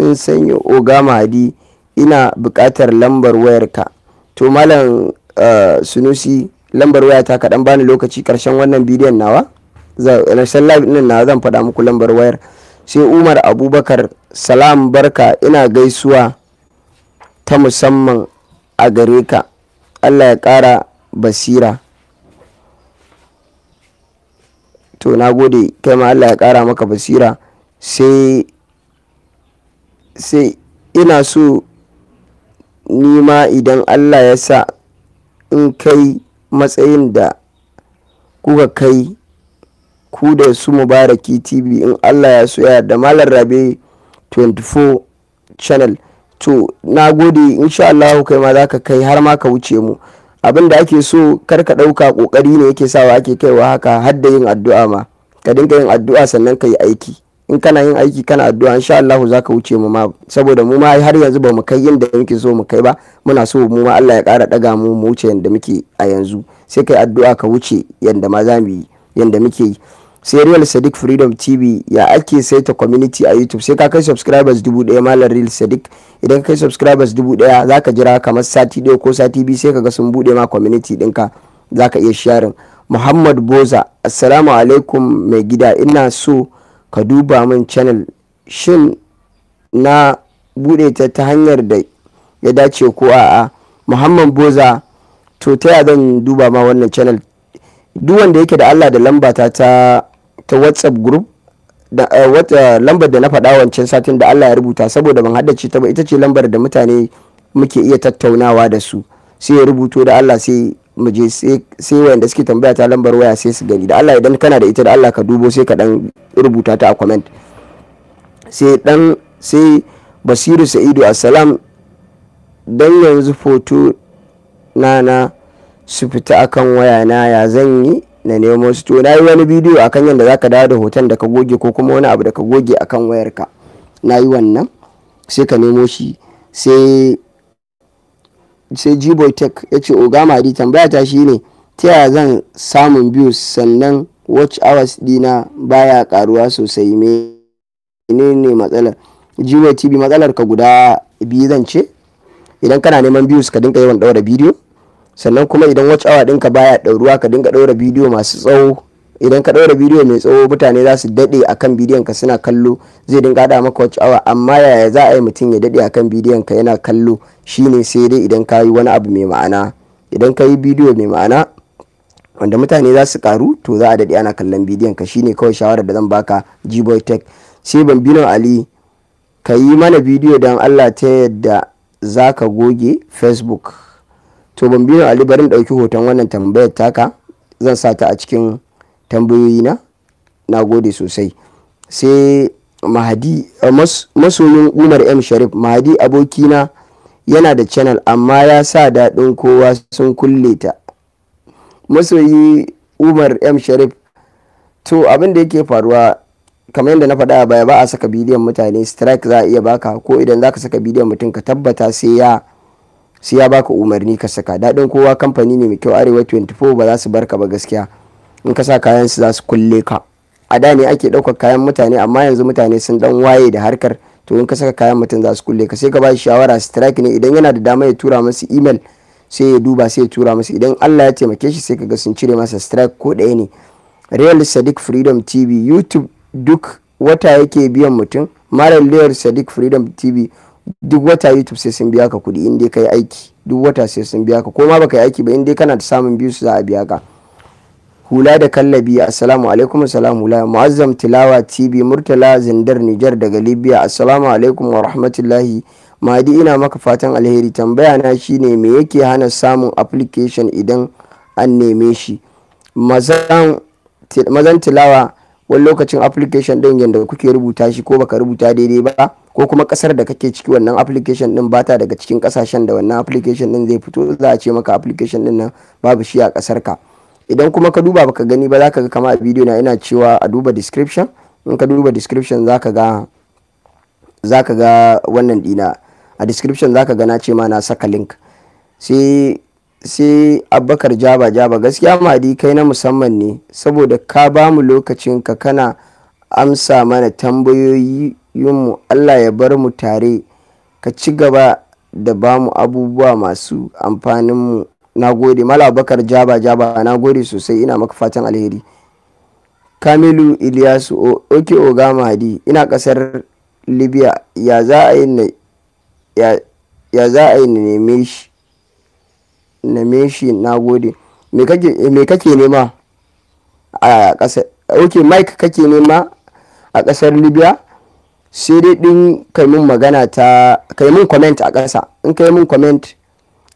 in sanyo oga mahadi ina bukatar lambar wayarka to malam eh, sunusi lambar ta kaɗan bani lokaci ƙarshen wannan bidiyon nawa ƙarshen live ɗin na zan faɗa muku lambar wayar sai umar abubakar salam barka ina gaisuwa ta musamman a gare ka allah ya ƙara basira to na gode kai ma Allah ya kara maka basira sai sai ina so ni ma idan Allah ya sa in kai matsayin da kuka kai ku da su mubaraki tv in Allah ya so ya da malar rabe 24 channel to na gode insha Allah kai ma za ka kai har ma ka wuce mu abin da ake so kar ka ɗauka ƙoƙari ne yake sawa ake kaiwa haka har da yin addu'a ma ka dinga yin addu'a sannan ka yi aiki in kana yin aiki kana addu'a insha Allah za ka wuce mu ma saboda mu ma har yanzu ba mu kai da muke so mu kai ba muna so mu ma Allah ya ƙara ɗaga mu mu wuce yadda muke a yanzu sai kai addu'a ka wuce yanda ma za mu yi yanda muke yi sai real sadiq freedom tv ya ake saita community a youtube sai ka kai subscribers dubu daya malam real sadiq idan kai subscribers dubu daya za ka jira kamar sati daya ko sati biyu sai ka ga sun bude ma community dinka za ka iya sharing muhammad boza assalamu alaikum mai gida ina so ka duba min channel shin na bude ta ta hanyar da ya dace ko a'a muhammad boza to ta ya zan duba ma wannan channel duk wanda yake da Allah da lamba ta ta WhatsApp group da eh, wata lambar da na faɗa wancan satin da Allah ya rubuta saboda ban haddace ta ba ita ce lambar da mutane muke iya tattaunawa da su sai ya rubuto da Allah sai mu je sai wayanda suke tambaya ta lambar waya sai su gani da Allah idan kana da ita da Allah ka dubo sai ka dan rubuta ta a comment sai dan sai Basiru Sa'idu assalam dan yanzu foto na na su fita akan waya na ya zan yi na nemo su to na yi wani bidiyo akan yadda za ka dawo da hoton da ka goge ko kuma wani abu da ka goge akan wayarka na yi wannan sai ka nemo shi sai sai tech ya ce ogama di tambaya ta shi ta yaya zan samun biyu sannan watch hours dina baya karuwa sosai me ne matsalar gboy tv matsalar ka guda biyu zan ce idan kana neman views ka dinka yawan daura bidiyo sannan kuma idan watch hour ka baya ɗauruwa ka dinga ɗaura bidiyo masu tsawo idan ka ɗaura bidiyo mai tsawo mutane za su daɗe kan bidiyon ka suna kallo zai dinga haɗa maka watch hour amma yaya za a yi mutum ya daɗe kan bidiyon ka yana kallo shine sai dai idan ka yi wani abu mai ma'ana idan ka yi bidiyo mai ma'ana wanda mutane za su karu to za a daɗe ana kallon bidiyon ka shine kawai shawarar da zan baka gboy tech sai bambino ali ka yi mana bidiyo don allah ta yadda za ka goge facebook to ban bambino ali barin dauki hoton wannan tambayar taka zan sa ta a cikin tambayoyi na na gode sosai sai mahadi eh, masoyin umar m sharif mahadi abokina yana da channel amma ya sa daɗin kowa sun kulle ta masoyi umar m sharif to abin da yake faruwa kamar yadda na faɗa a baya ba a saka bidiyon mutane strike za a iya baka ko idan za ka saka bidiyon mutum ka tabbata sai ya sai ya baka umarni ka saka dadin kowa kamfani ne mai kyau arewa 24 ba za su barka ba gaskiya in ka sa kayan su za su kulle ka a da ne ake ɗaukar kayan mutane amma yanzu mutane sun dan waye da harkar to in ka saka kayan mutum za su kulle ka sai ka ba shi shawara strike ne idan yana da dama ya tura masu email sai ya duba sai ya tura masu idan Allah ya taimake shi sai ka ga sun cire masa strike ko ɗaya ne real sadiq freedom tv youtube duk wata yake biyan mutum marar real sadiq freedom tv duk wata youtube sai sun biya ka kuɗi in dai ka yi aiki duk wata sai sun biya ka ko ma baka yi aiki ba in dai kana da samun biyu su za a biya ka hula da kallabi assalamu alaikum assalamu hula mu'azzam tilawa tv murtala zindar nijar daga libya assalamu alaikum wa rahmatullahi mahadi ina maka fatan alheri tambaya na shine me yake hana samun application idan an neme shi mazan tilawa wani lokacin application din yadda kuke rubuta shi ko baka rubuta daidai ba ko kuma kasar da kake ciki wannan application din bata daga cikin kasashen da wannan application din zai fito za a ce maka application din nan babu shi a kasar ka idan kuma ka duba baka gani ba za ka ga kama a bidiyo na ina cewa a duba description in ka duba description za ka ga za ka ga wannan dina a description za ka ga na ce ma na saka link sai sai jaba jaba gaskiya madi kai na musamman ne saboda ka bamu mu lokacin ka kana amsa mana tambayoyi mu Allah ya bar mu tare ka ci gaba da ba mu abubuwa masu amfaninmu na gode malabakar jaba jaba na gode sosai ina maka fatan alheri kamilu iliyasu oke ogama hadi ina kasar libya ya za a yi neme shi neme shi na me kake nema a kasar kake nema a kasar libya sai dai din kai mun magana ta kai mun comment a ƙasa in kai mun comment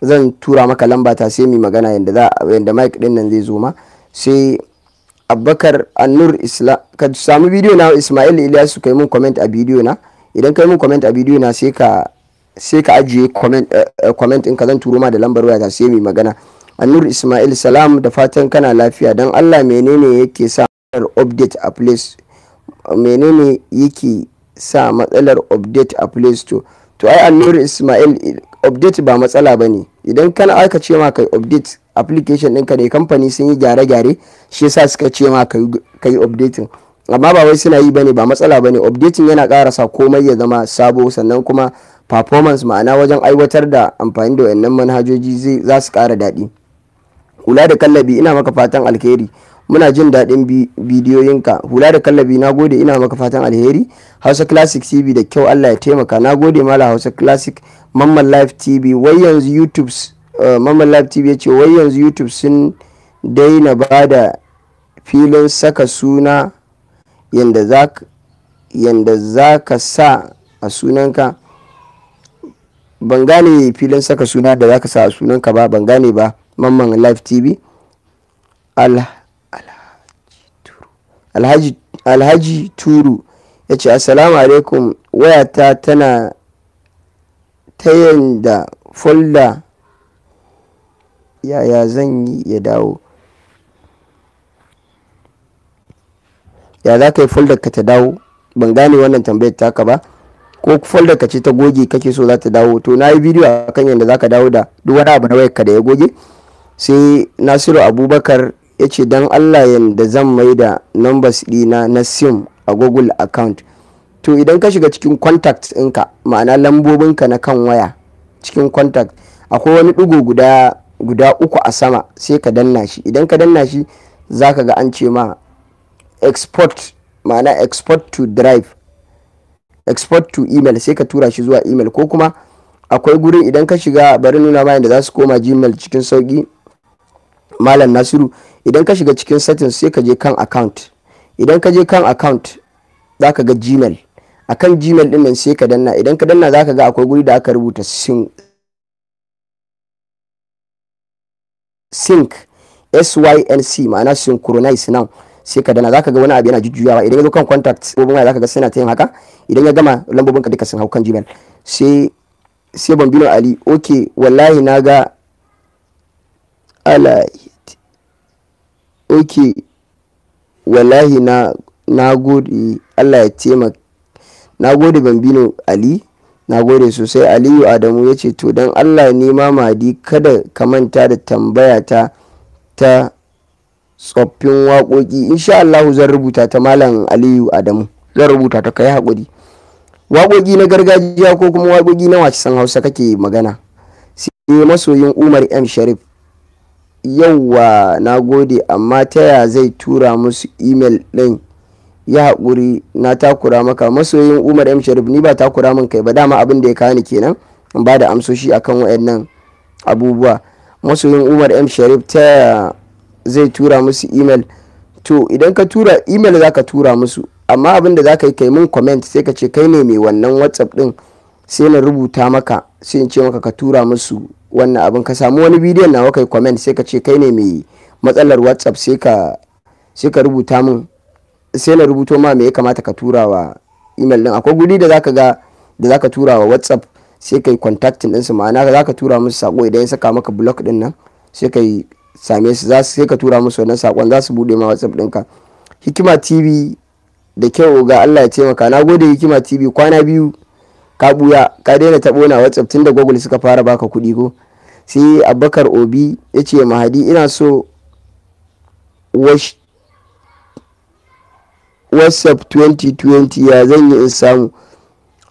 zan tura maka lamba ta sai mu magana yanda za yanda mic din nan zai zo ma sai Abubakar Annur Islam ka samu bidiyo na Ismail Ilyasu kai mun comment a bidiyo na idan kai mun comment a bidiyo na sai ka sai ka ajiye comment eh, eh, comment in ka zan turo ma da lambar waya ta sai mu magana Annur Ismail salam da fatan kana lafiya dan Allah menene yake sa update a place menene yake sa matsalar update a play store to ai annuri ismail update ba matsala ba idan kana aka ce ma kai update application ɗinka ne kamfani sun yi gyare-gyare shi yasa suka ce ma kai updating amma ba wai suna yi bane ba matsala bane updating yana karasa komai ya zama sabo sannan kuma performance ma'ana wajen aiwatar da amfani da wayannan manhajoji za su kara daɗi kula da kallabi ina maka fatan alheri muna jin daɗin bidiyoyinka hula da kallabi na gode ina maka fatan alheri hausa classic tv da kyau allah ya taimaka na gode mala hausa classic mamman live tv wai yanzu youtube eh, mamman live tv ya ce wai yanzu youtube sun daina ba da filin saka suna yanda za ka sa a sunanka ban gane filin saka suna da za ka sa a sunanka ba ban gane ba mamman live tv allah alhaji turu ya ce assalamu alaikum wayata tana ta yanda folda yaya zan yi ya dawo ya za ka yi ka ta dawo ban gane wannan tambayar taka ba ko foldar ka ce ta goge kake so za ta dawo to na yi bidiyo a kan yadda za ka dawo da duk wani abu na wayarka ka da ya goge sai nasiru abubakar ya ce don allah yadda zan mai da numbers dina na sim a google account to idan ka shiga cikin contact ɗinka ma'ana lambobinka na kan waya cikin contact akwai wani ɗigo guda guda uku a sama sai ka danna shi idan ka danna shi za ka ga an ce ma export ma'ana export to drive export to email sai ka tura shi zuwa email ko kuma akwai gurin idan ka shiga bari nuna ma yadda za su koma gmail cikin sauki malam nasiru idan ka shiga cikin settings sai ka je kan account idan ka je kan account za ka ga gmail akan gmail din nan sai ka danna idan ka danna za ka ga akwai guri da aka rubuta sync sync ma'ana synchronize nan sai ka danna za ka ga wani abu yana jujjuyawa idan ya zo kan contact ko za ka ga suna ta yin haka idan ya gama lambobin ka duka sun hau kan gmail sai sai bambino ali okay wallahi na ga alai Ok, wallahi na, na gode Allah ya taimaka. Na gode Bambino Ali, na sosai Aliyu Adamu ya ce to don Allah nema mamadi kada ka manta da tambaya ta ta tsoffin waƙoƙi insha Allah zan rubuta ta Malam Aliyu Adamu zan rubuta ta kai haƙuri. waƙoƙi na gargajiya ko kuma waƙoƙi na wasan hausa kake magana sai masoyin umar m sharif yauwa na gode amma ta ya zai tura musu imel ɗin ya haƙuri na takura maka masoyin umar m sharif ni ba takura min kai ba dama abin da ya kawo ni kenan in ba da amsoshi akan waɗannan abubuwa masoyin umar m sharif ta ya zai tura musu imel to idan ka tura imel za ka tura musu amma abin da za ka yi kai mun comment sai ka ce kai ne mai wannan whatsapp ɗin sai na rubuta maka sai in ce maka ka tura musu wannan abin ka samu wani bidiyon nawa kai comment sai ka ce kai ne mai matsalar whatsapp sai ka rubuta min sai na rubuto ma me ya kamata ka tura wa email din akwai guri da zaka ga da zaka tura wa whatsapp sai kai contact din su ma'ana zaka tura musu sako idan ya saka maka block din nan sai kai same su za sai ka tura musu wannan sakon za su bude ma whatsapp din ka hikima tv da kyau ga allah ya taimaka na gode hikima tv kwana biyu ka buya ka daina taɓo na whatsapp tun da google suka fara baka kuɗi ko sai abubakar obi ya ce mahadi ina so whatsapp 2020 ya zan yi in samu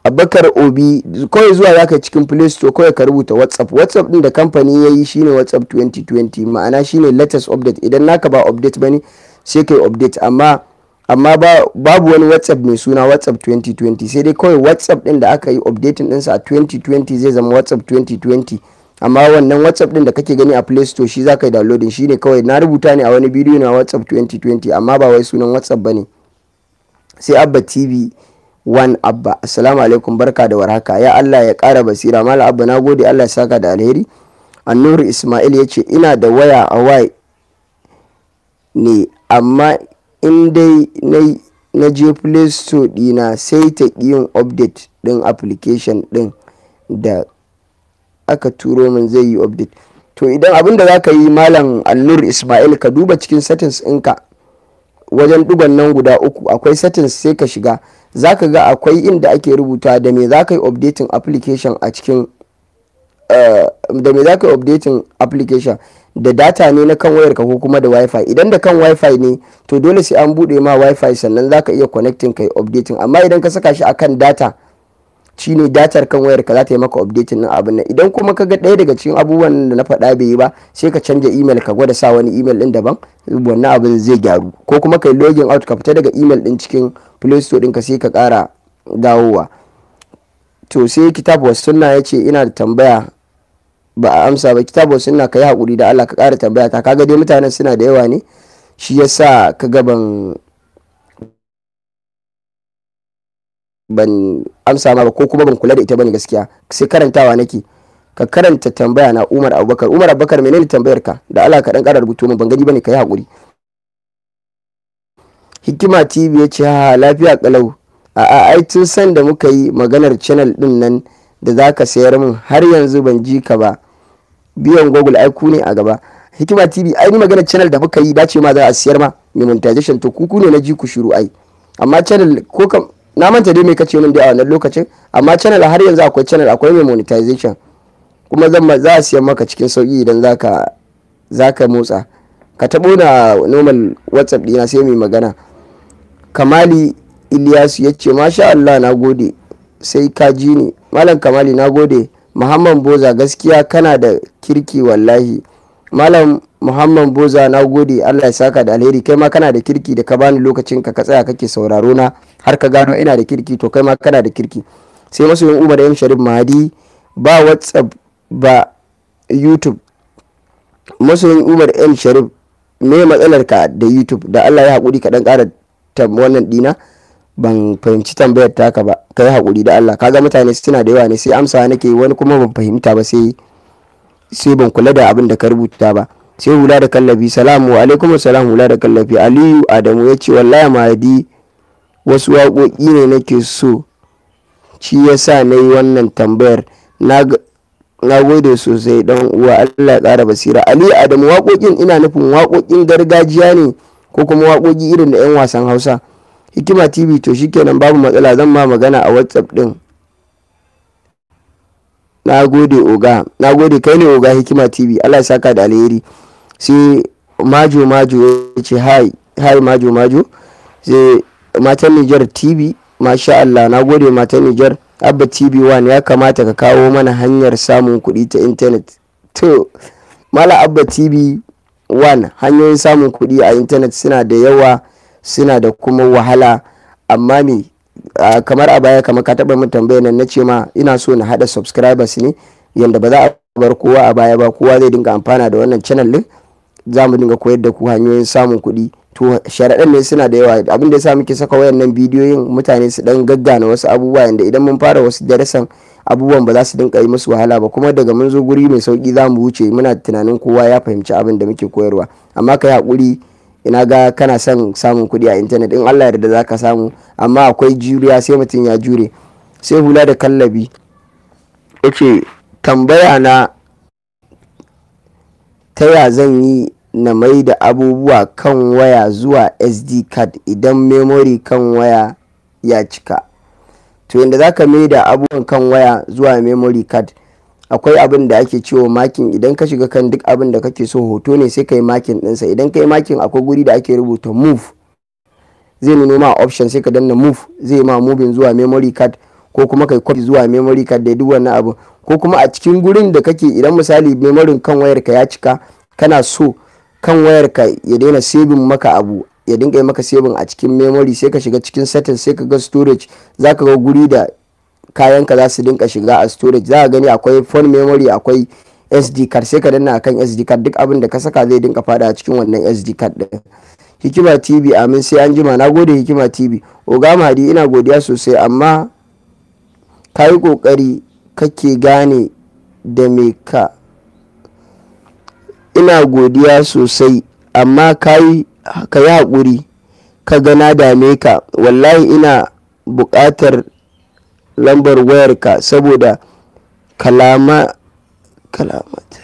abubakar obi kawai zuwa zaka cikin play store kawai ka rubuta whatsapp whatsapp din da kamfani ya yi shine whatsapp 2020 ma'ana shine latest update idan naka ba update bane sai kai update amma amma babu wani whatsapp mai suna whatsapp 2020 sai dai kawai whatsapp din da aka yi updating dinsa a 2020 zai zama whatsapp 2020 amma wannan whatsapp din da kake gani a play store shi za ka yi downloading shi ne kawai na rubuta ne a wani bidiyo na whatsapp 2020 amma ba wai sunan whatsapp ba ne sai abba tv one abba assalamu alaikum barka da warhaka ya allah ya kara basira mala abba na gode allah ya saka da alheri annuru ismail ya ce ina da waya a ne amma in dai na je play store ɗina sai ta ƙi yin update ɗin application ɗin da aka turo min zai yi update to idan abin da za ka yi malam annur ismail ka duba cikin settings ɗinka wajen ɗigon nan guda uku akwai settings sai ka shiga za ka ga akwai inda ake rubuta da me za yi updating application a cikin eh, da me za ka yi updating application da data ne na kan wayarka ko kuma da wifi idan da kan wifi ne to dole sai an bude ma wifi sannan zaka iya connecting kai updating amma idan ka saka shi akan data shine datar kan wayarka za ta yi maka updating din abin nan idan kuma ka ga ɗaya daga cikin abubuwan da na faɗa bai yi ba sai ka canja email ka gwada sa wani email din daban wannan abin zai gyaru ko kuma kai login out ka fita daga email din cikin play store ɗinka sai ka ƙara dawowa to sai kitab wasu sunna ya ce ina da tambaya ba a amsa ba kitabu suna kayi hakuri da Allah ka kara tambaya ta kaga dai mutanen suna da yawa ne shi yasa ka ga ban amsa ma ba ko kuma ban kula da ita bane gaskiya sai karantawa nake ka karanta tambaya na Umar Abubakar Umar Abubakar menene tambayar ka da Allah ka dan kara rubutu min ban gani bane ka yi Hikima TV ya ce ha lafiya kalau a ai tun san da muka yi maganar channel din nan da za ka sayar min har yanzu ban ji ka ba biyan google ai ku ne a gaba hikima tv ai ni magana channel da muka yi dace ma za a siyar ma monetization to ku ne na ji ku shiru ai amma channel ko kam na manta dai me kace min dai a wannan lokacin amma channel har yanzu akwai channel akwai mai monetization kuma zan za a siyar maka cikin sauki idan zaka zaka motsa ka tabo na normal whatsapp dina sai mai magana kamali iliyasu ya ce masha allah na gode sai ka ji ni malam kamali na gode muhammad boza gaskiya kana da kirki wallahi malam muhammad boza na gode allah ya saka da alheri kai ma kana da kirki da ka bani lokacin ka ka tsaya kake sauraro na har ka gano ina da kirki to kai ma kana da kirki sai masoyin umar yan sharif mahadi ba whatsapp ba youtube masoyin umar yan sharif me matsalar ka da youtube da allah ya haƙuri ka dan ƙara wannan dina ban fahimci tambayar taka ba kai yi haƙuri da Allah kaga mutane suna da yawa ne sai amsa nake wani kuma ban fahimta ba sai sai ban kula da abin da ka rubuta ba sai hula da kallafi salamu alaikum salam hula da kallafi aliyu adamu ya ce wallahi mahadi wasu waƙoƙi ne nake so shi yasa na yi wannan tambayar na gode sosai dan uwa allah ya ƙara basira aliyu adamu waƙoƙin ina nufin waƙoƙin gargajiya ne ko kuma waƙoƙi irin da 'yan wasan hausa hikima tv to shikenan babu matsala zan ma magana a whatsapp din na gode oga na gode kai ne oga hikima tv allah saka da alheri sai majo majo ya ce hai majo majo sai matan nijar tv masha allah na gode matan nijar abba tv 1 ya kamata ka kawo mana hanyar samun kuɗi ta intanet to mala abba tv 1 hanyoyin samun kuɗi a intanet suna da yawa suna da kuma wahala amma me kamar a baya kamar ka taba min tambayar nan na ce ma ina so na haɗa subscribers ne yanda ba za a bar kowa a baya ba kowa zai dinga amfana da wannan channel din za mu dinga koyar da ku hanyoyin samun kuɗi to sharaɗan ne suna da yawa abin da yasa muke saka wayannan bidiyoyin mutane su dan gaggana wasu abubuwa yanda idan mun fara wasu darasan abubuwan ba za su dinga yi musu wahala ba kuma daga mun zo guri mai sauki za mu wuce muna tunanin kowa ya fahimci abin da muke koyarwa amma kai yi haƙuri ina ga kana son samun kudi a intanet in allah yarda za ka samu amma akwai juriya sai mutum ya jure sai hula da kallabi yace tambaya na ta ya zan yi na mai da abubuwa kan waya zuwa sd card idan memory kan waya ya cika to yadda za ka mai da abubuwan kan waya zuwa memory card akwai abin da ake cewa makin idan ka shiga kan duk abin da kake so hoto ne sai kai makin ɗinsa idan kai makin akwai guri da ake rubuta move zai nuno ma option sai ka danna move zai ma moving zuwa memory card ko kuma kai copy zuwa memory card da duk wannan abu ko kuma a cikin gurin da kake idan misali memory kan wayar ka ya cika kana so kan wayar ka ya daina saving maka abu ya dinga yi maka saving a cikin memory sai ka shiga cikin settings sai ka ga storage zaka ga guri da kayanka za su dinka shiga a storage za a gani akwai phone memory akwai sd card sai ka danna akan sd card duk abin da ka saka zai dinka fada a cikin wannan sd card din hikima tv amin sai an jima na gode hikima tv oga hadi ina godiya sosai amma ka kokari kake gane da me ka ina godiya sosai amma ka yi haƙuri ka gana dame ka wallahi ina buƙatar lambar wayarka saboda kalama kalamata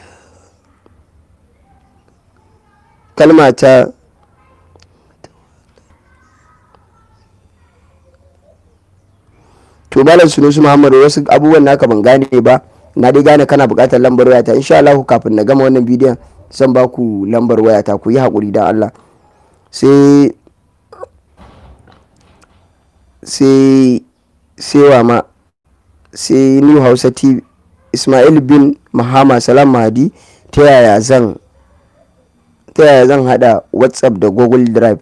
kalmata to malam sunusu muhammad wasu abubuwan naka ban gane ba na dai gane kana bukatar lambar wayata insha Allah kafin na gama wannan bidiyon zan ba ku lambar wayata ku yi haƙuri da Allah sai sai sewa ma sai new hausa tv ismail bin mahama salam mahadi ta yaya zan ta yaya zan hada whatsapp da google drive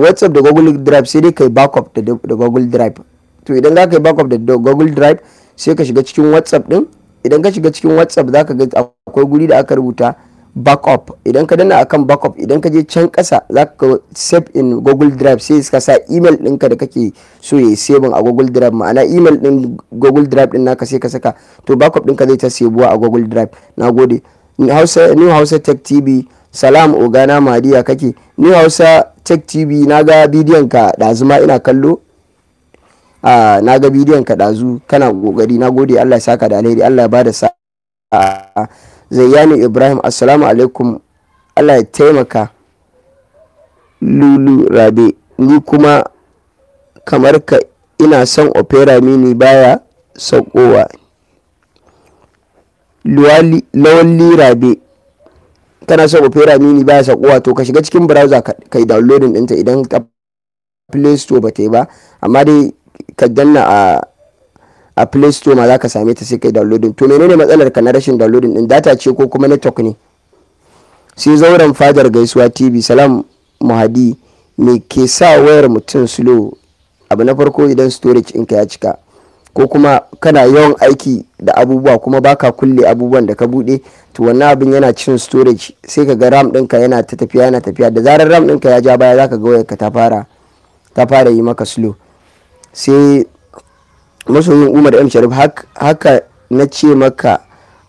whatsapp da google drive sai dai kai backup da google drive to idan za ka yi backup da google drive sai ka shiga cikin whatsapp din idan ka shiga cikin whatsapp za ka ga akwai guri da aka rubuta backup idan ka danna akan backup idan ka je can kasa za ka save in google drive sai ka sa email ɗinka da kake so ya save a google drive ma'ana email ɗin google drive ɗin naka sai ka saka to backup ɗinka zai ta sebuwa a google drive na gode new hausa tech tv salam ogana madiya kake new hausa tech tv na ga bidiyon ka ɗazu ma ina kallo a na ga bidiyon ka ɗazu kana kokari na gode allah ya saka da alheri allah ya bada sa'a zayyani ibrahim assalamu alaikum allah ya taimaka lulu rabe ni kuma kamar ka ina son opera mini baya saukowa lawalli rabe kana son opera mini baya saukowa to ka shiga cikin browser ka yi downloading ɗinta idan ka play store ba ta yi ba amma dai ka danna a a play store ma za same ta sai kai downloading to menene matsalar ka na rashin downloading din data ce ko kuma network ne sai zauren fadar gaisuwa tv salam muhadi me ke sa wayar mutum slow abu na farko idan storage ɗinka ya cika ko kuma kana yawan aiki da abubuwa kuma baka kulle abubuwan da ka bude to wannan abin yana cin storage sai ka ga ram ɗinka yana ta tafiya yana tafiya da zarar ram ɗinka ya ja baya zaka ga ka ta fara ta fara yi maka slow sai masoyin umar m sharif haka na ce maka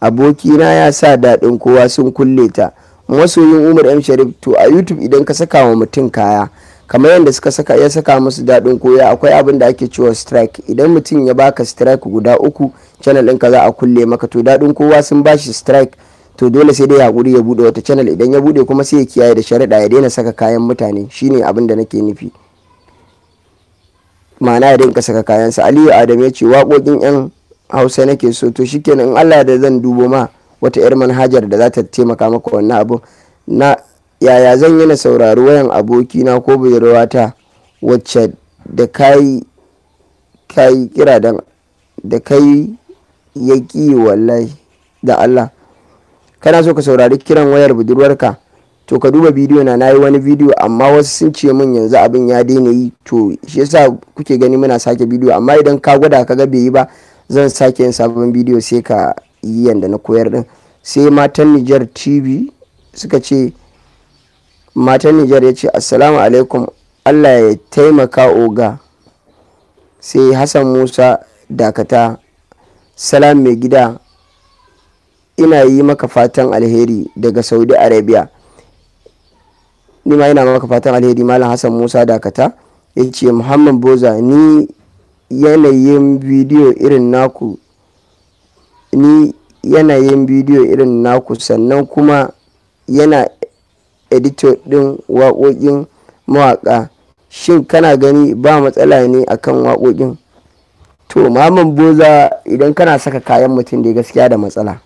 abokina ya sa daɗin kowa sun kulle ta masoyin umar m sharif to a youtube idan ka saka wa mutum kaya kamar yadda suka saka ya saka musu daɗin koya akwai abin da ake cewa strike idan mutum ya baka strike guda uku channel ɗinka za a kulle maka to daɗin kowa sun ba shi strike to dole sai dai hakuri ya bude wata channel idan ya bude kuma sai ya kiyaye da shari'a ya daina saka kayan mutane shine abin da nake nufi ma'ana ya dinka saka kayansa aliyu adam ya ce waƙoƙin yan hausa nake so to shikenan in allah da zan dubo ma wata yar manhajar da za ta taimaka maka wannan abun na yaya zan yi na saurari wayan abokina ko budurwata wacce da kai kai kira da kai yaki wallahi da allah kana so ka saurari kiran wayar budurwarka to ka duba bidiyo na na yi wani bidiyo amma wasu sun ce min yanzu abin ya daina yi to shi yasa kuke gani muna sake bidiyo amma idan ka gwada ka ga bai yi ba zan sake yin sabon bidiyo sai ka yi yanda na koyar din sai matan Niger TV suka ce matan Niger ya ce assalamu alaikum Allah ya taimaka oga sai Hassan Musa dakata salam mai gida ina yi maka fatan alheri daga Saudi Arabia ni ma yana maka fatan alheri malam hassan musa dakata ya ce muhammad boza ni yanayin bidiyo irin naku ni yanayin bidiyo irin naku sannan kuma yana edito din waƙoƙin mawaƙa shin kana gani ba matsala ne akan waƙoƙin to muhammad boza idan kana saka kayan mutum da gaskiya da matsala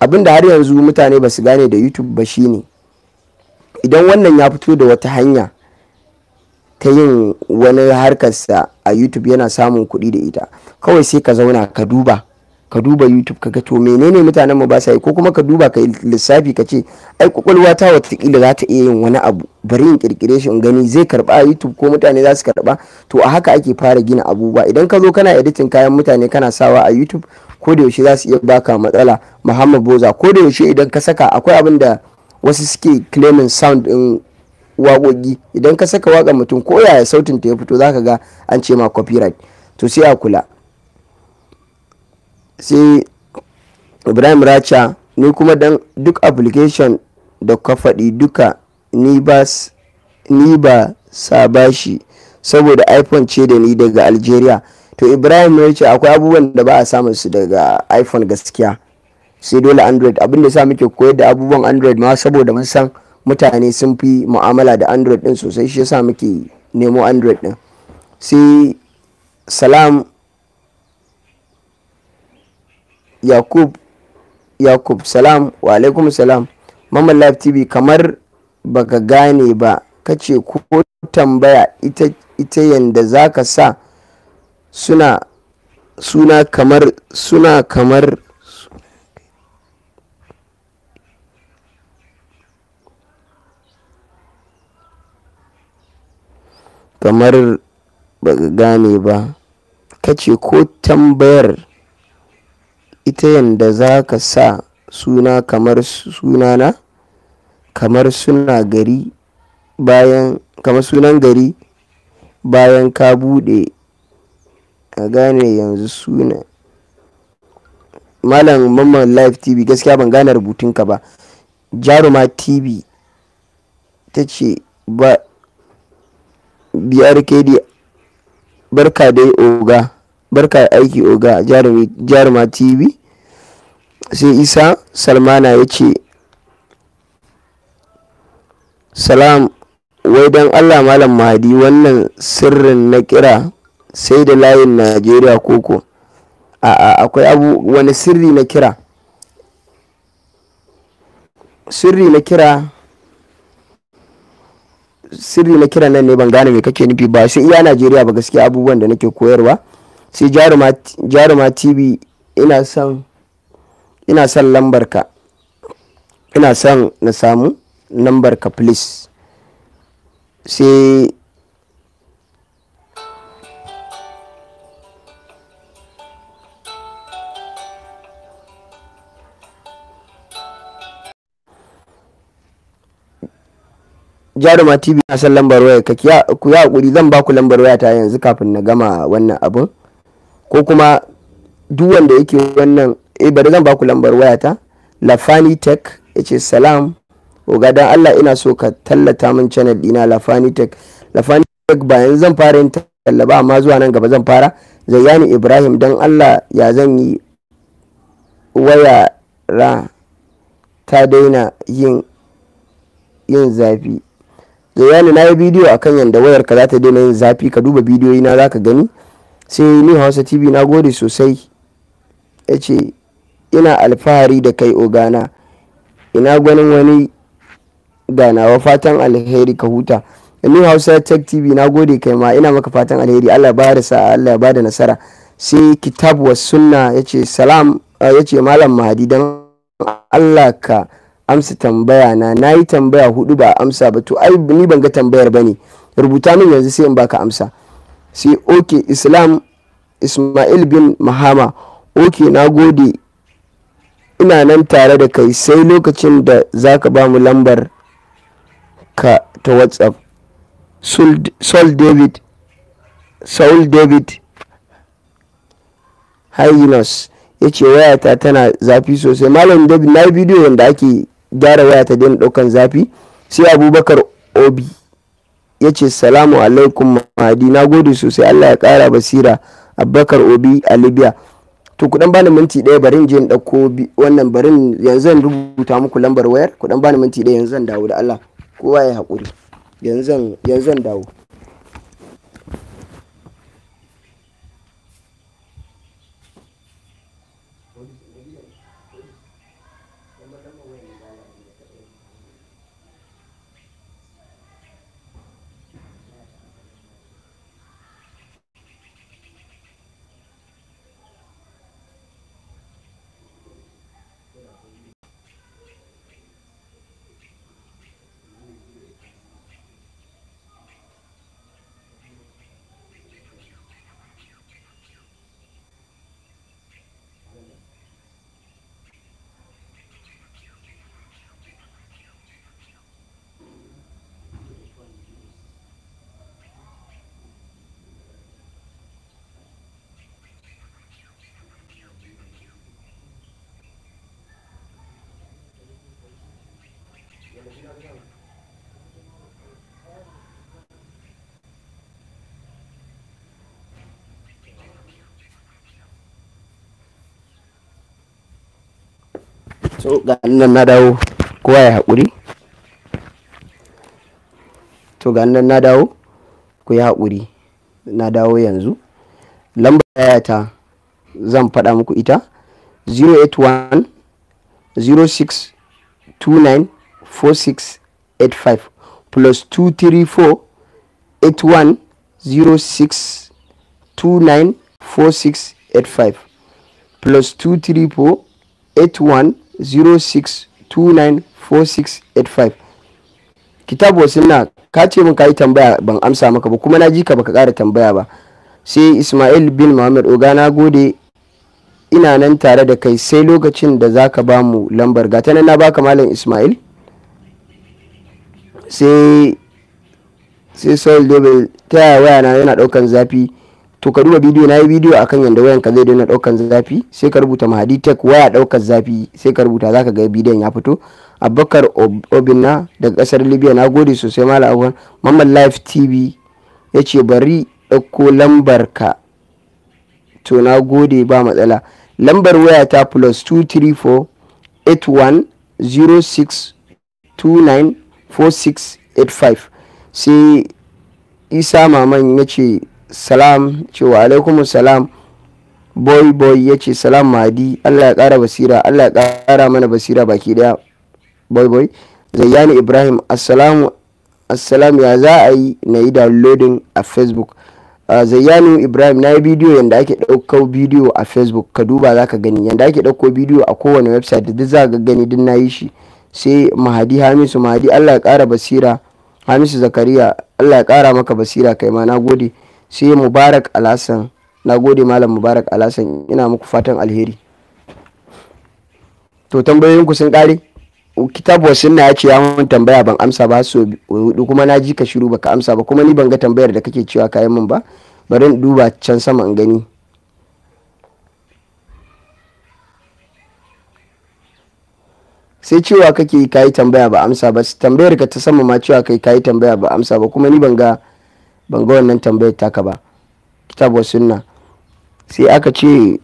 abinda har yanzu mutane ba su gane da youtube ba shine idan wannan ya fito da wata hanya ta yin wani harkarsa a youtube yana samun kuɗi da ita kawai sai ka zauna ka duba ka duba youtube ka ga to menene mutanen mu ba sa yi ko kuma ka duba ka lissafi ka ce ai kwakwalwa ta watakila za ta iya yin wani abu bari in kirkire shi in gani zai karba youtube ko mutane za su karba to a haka ake fara gina abubuwa idan ka zo kana editing kayan mutane kana sawa a youtube ko da yaushe za su iya baka matsala muhammad boza ko da yaushe idan ka saka akwai abin da wasu suke claiming sound din waƙoƙi idan ka saka waƙar mutum ko yaya sautin ta ya fito za ka ga an ce ma copyright to sai a kula sai ibrahim racha ni kuma dan duk application da ka faɗi duka ni ba sa bashi saboda iphone ce da ni daga algeria to ibrahim racha akwai abubuwan da ba a samun su daga iphone gaskiya sai dole android abin da sa muke koyar da abubuwan android ma saboda mun san mutane sun fi mu'amala da android din sosai shi yasa muke nemo android din sai salam yakub yakub salam wa alaikum salam mamman live tv kamar baka gane ba kace ko tambaya ita ita yanda zaka sa suna suna kamar suna kamar kamar ba ka gane ba ka ce ko tambayar ita yadda za ka sa suna kamar sunana kamar suna gari bayan kamar sunan gari bayan ka bude a gane yanzu suna malam mamman live tv gaskiya ban gane rubutunka ba jaruma tv ta ce ba brkd barka dai oga barka aiki oga jaruma tv sai isa salmana ya ce salam wai don allah malam mahadi wannan sirrin na kira sai da layin najeriya koko a akwai abu wani sirri na kira sirri na kira sirri na kiran nan ne ban gane me kake nufi ba sai iya najeriya ba gaskiya abubuwan da nake koyarwa sai jaruma tv ina son ina son lambar ka ina son na samu lambar ka please sai jaruma tv na san lambar waya ka ku ya hakuri zan ba ku lambar waya ta yanzu kafin na gama wannan abun ko kuma duk wanda yake wannan eh bari zan ba ku lambar waya ta lafani tech yace salam oga dan Allah ina so ka tallata min channel dina lafani tech lafani tech ba yanzu zan fara yin tallaba ba amma zuwa nan gaba zan fara zayyani ibrahim dan Allah ya zan yi waya ra ta daina yin yin zafi yana na yi bidiyo a kan yadda wayar ka za ta daina yin zafi ka duba bidiyoyi na za ka gani sai ni hausa tv na gode sosai ya ce ina alfahari da kai ogana ina gwanin wani ganawa fatan alheri ka huta ni hausa tech tv na gode kai ma ina maka fatan alheri allah ba da sa'a allah ba da nasara sai kitab wa sunna ya ce salam ya ce malam mahadi don allah ka amsa tambaya na na yi tambaya hudu ba amsa ba to ai ni ban ga tambayar ba ne rubuta min yanzu sai in baka amsa sai okay islam ismail bin mahama oke na gode ina nan tare da kai sai lokacin da zaka ka ba mu lambar ka ta whatsapp sol david saul david hyenos ya ce wayata tana zafi sosai malam david na bidiyo wanda ake gyara waya ta daina daukan zafi sai abubakar obi ya ce salamu alaikum mahadi na gode sosai allah ya kara basira abubakar obi a libya to kudan bani minti ɗaya barin je in ɗauko wannan barin yanzu zan rubuta muku lambar wayar kudan bani minti ɗaya yanzu zan dawo da allah kowa ya haƙuri yanzu zan dawo so ga nan na dawo kowa ya haƙuri to ga nan na dawo ku yi haƙuri na dawo yanzu lambar yayata zan faɗa muku ita 081 06 29 4685 plus 234 8106 294685 plus 234 8106 294685 kitabu sunna ka ce min ka yi tambaya ban amsa maka ba kuma na ji ka baka kara tambaya ba sai ismail bin muhammad oga na gode ina nan tare da kai sai lokacin da za ka ba mu lambar gata nan na baka malam ismail sai sai soil dobel ta yaya waya na yana daukan zafi to ka duba bidiyo na yi bidiyo akan yadda wayan ka zai daina daukan zafi sai ka rubuta mahadi tech waya daukan zafi sai ka rubuta zaka ga bidiyon ya fito abubakar obinna daga kasar libya na gode sosai mala abuwan mamman live tv ya ce bari ɗauko lambar ka to na gode ba matsala lambar waya ta plus 234 81 06 29 4685 sai isa maman ya ce salam cewa alaikum salam boy boy ya ce salam mahadi allah ya kara basira allah ya kara mana basira baki daya boy boy zayyani ibrahim assalamu assalamu ya za a yi na yi downloading a facebook Uh, ibrahim na yi bidiyo yadda ake ɗaukar bidiyo a facebook ka duba za ka gani yadda ake ɗauko bidiyo a kowane website da duk za ka gani duk na yi shi sai mahadi hamisu mahadi allah ya kara basira hamisu zakariya allah ya kara maka basira kai ma na gode sai mubarak alhassan na gode malam mubarak alhassan ina muku fatan alheri to tambayoyinku sun kare kitabu wasunna ya ce ya mun tambaya ban amsa ba so hudu kuma na ji ka shiru ba ka amsa ba kuma ni ban ga tambayar da kake cewa kayan min ba bari in duba can sama in gani sai cewa kake ka yi tambaya ba amsa ba tambayar ka ta sama ma cewa kai ka yi tambaya ba amsa ba kuma ni ban ga ban ga wannan tambayar taka ba kitabu sunna sai aka ce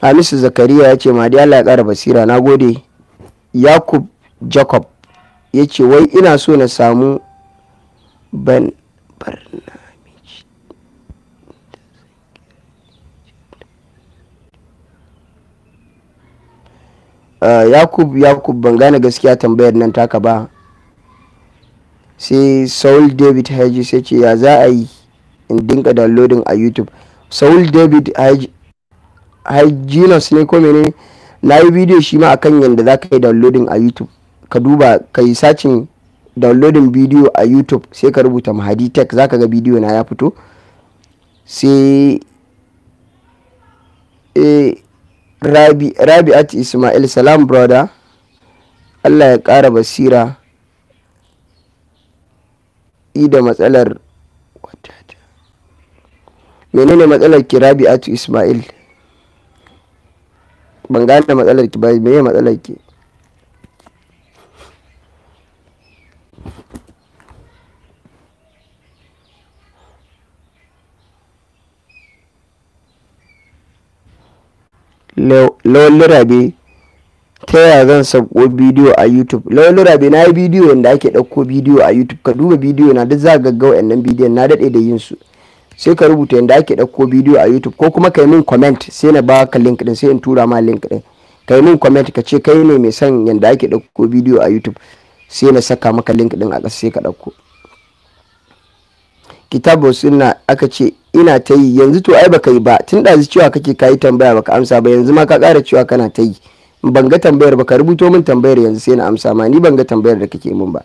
hamisu zakariya ya ce ma dai Allah ya kara basira na gode yakub jacob ya ce wai ina so na samu ban barna Eh, yakub yakub ban gane gaskiya tambayar nan taka ba sai saul david hajji sai ce ya za a yi in dinka downloading a youtube saul david hajjinos ne ko ne na yi bidiyo shi ma akan yadda za ka yi downloading a youtube ka duba ka yi sacin downloading bidiyo a youtube sai ka rubuta mahadi tech za ka ga bidiyo na ya fito sai eh, rabi rabi'at ismail salam brother allah ya ƙara basira da matsalar menene matsalar ki rabi'atu ismail ban gane matsalar ki ba meye matsalar ki lawan lirabe ta yaya zan sako bidiyo a youtube lawan na yi bidiyo wanda ake ɗauko bidiyo a youtube ka duba bidiyo na duk za ga gaggawa wa'annan bidiyon na daɗe da yin su sai ka rubuta yadda ake ɗauko bidiyo a youtube ko kuma ka yi min comment sai na ba ka link ɗin sai in tura ma link ɗin ka yi min comment ka ce kai ne mai son yadda ake ɗauko bidiyo a youtube sai na saka maka link ɗin a ƙasa sai ka ɗauko kitabu sunna aka ce ina ta yi yanzu to ai baka yi ba tun ɗazu cewa kake kayi tambaya baka amsa ba yanzu ma ka ƙara cewa kana ta yi ban ga tambayar ba ka rubuto min tambayar yanzu sai na amsa ma ni ban ga tambayar da kake min ba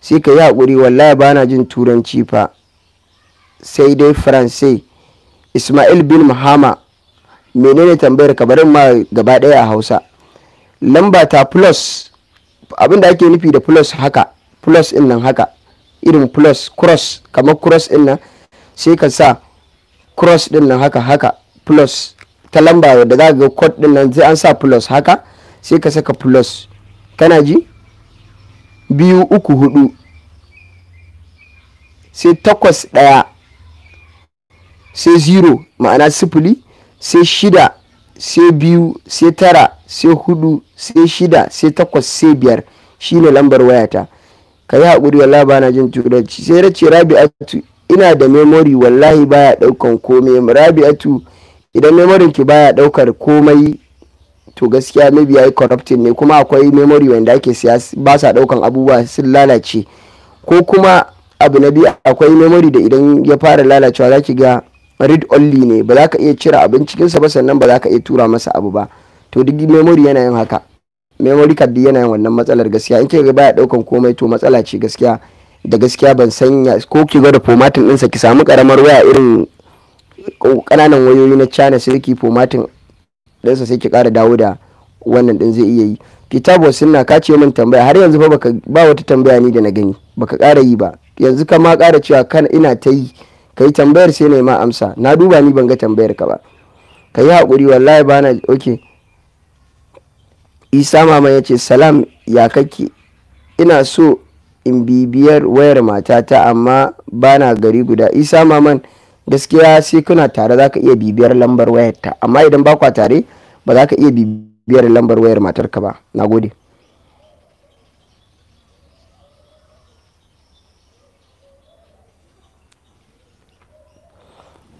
sai ka yi hakuri wallahi bana jin turanci fa sai dai faransai ismail bin muhammad menene tambayar ka barin ma gaba ɗaya a hausa lamba ta plus abinda ake nufi da plus haka plus in nan haka irin plus cross kamar cross din nan sai ka sa cross din nan haka haka plus ta lamba wadda za ga code din nan sai an sa plus haka sai ka saka plus kana ji biyu uku hudu sai takwas daya sai zero ma'ana sifili sai shida sai biyu sai tara sai hudu sai shida sai takwas sai biyar shine lambar wayata ka yi haƙuri wallahi ba na jin turanci sai na ce rabi'atu ina da memori wallahi baya ɗaukan komai rabi'atu idan memorin ki baya ɗaukar komai to gaskiya maybe yayi corrupting ne kuma akwai memory wanda ake siya ba sa ɗaukan abubuwa sun lalace ko kuma abu na biyu akwai memori da idan ya fara lalacewa za ki ga read only ne ba za ka iya cire abin cikinsa ba sannan ba za ka iya tura masa abu ba to duk memori yana yin haka memory card yana yin wannan matsalar gaskiya in kika ga baya daukan komai to matsala ce gaskiya da gaskiya ban sanya ko ki ga da formatting sa ki samu karamar waya irin kananan wayoyi na China sai ki formatting ɗinsa sai ki kara dawo da wannan ɗin zai iya yi kitabo sunna ka ce min tambaya har yanzu fa baka ba wata tambaya ni da na gani baka kara yi ba yanzu ka ma kara cewa kan ina ta yi kai tambayar sai na ma amsa na duba ni ban ga tambayar ka ba ka hakuri wallahi bana okay isa mama ya ce salam ya kake ina so in bibiyar wayar matata amma ba na gari guda isa maman gaskiya sai kuna tare za ka iya bibiyar lambar ta amma idan ba kwa tare ba za ka iya bibiyar lambar wayar matarka ba na gode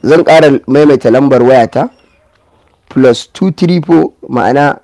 zan kara maimaita lambar wayata plus 234 ma'ana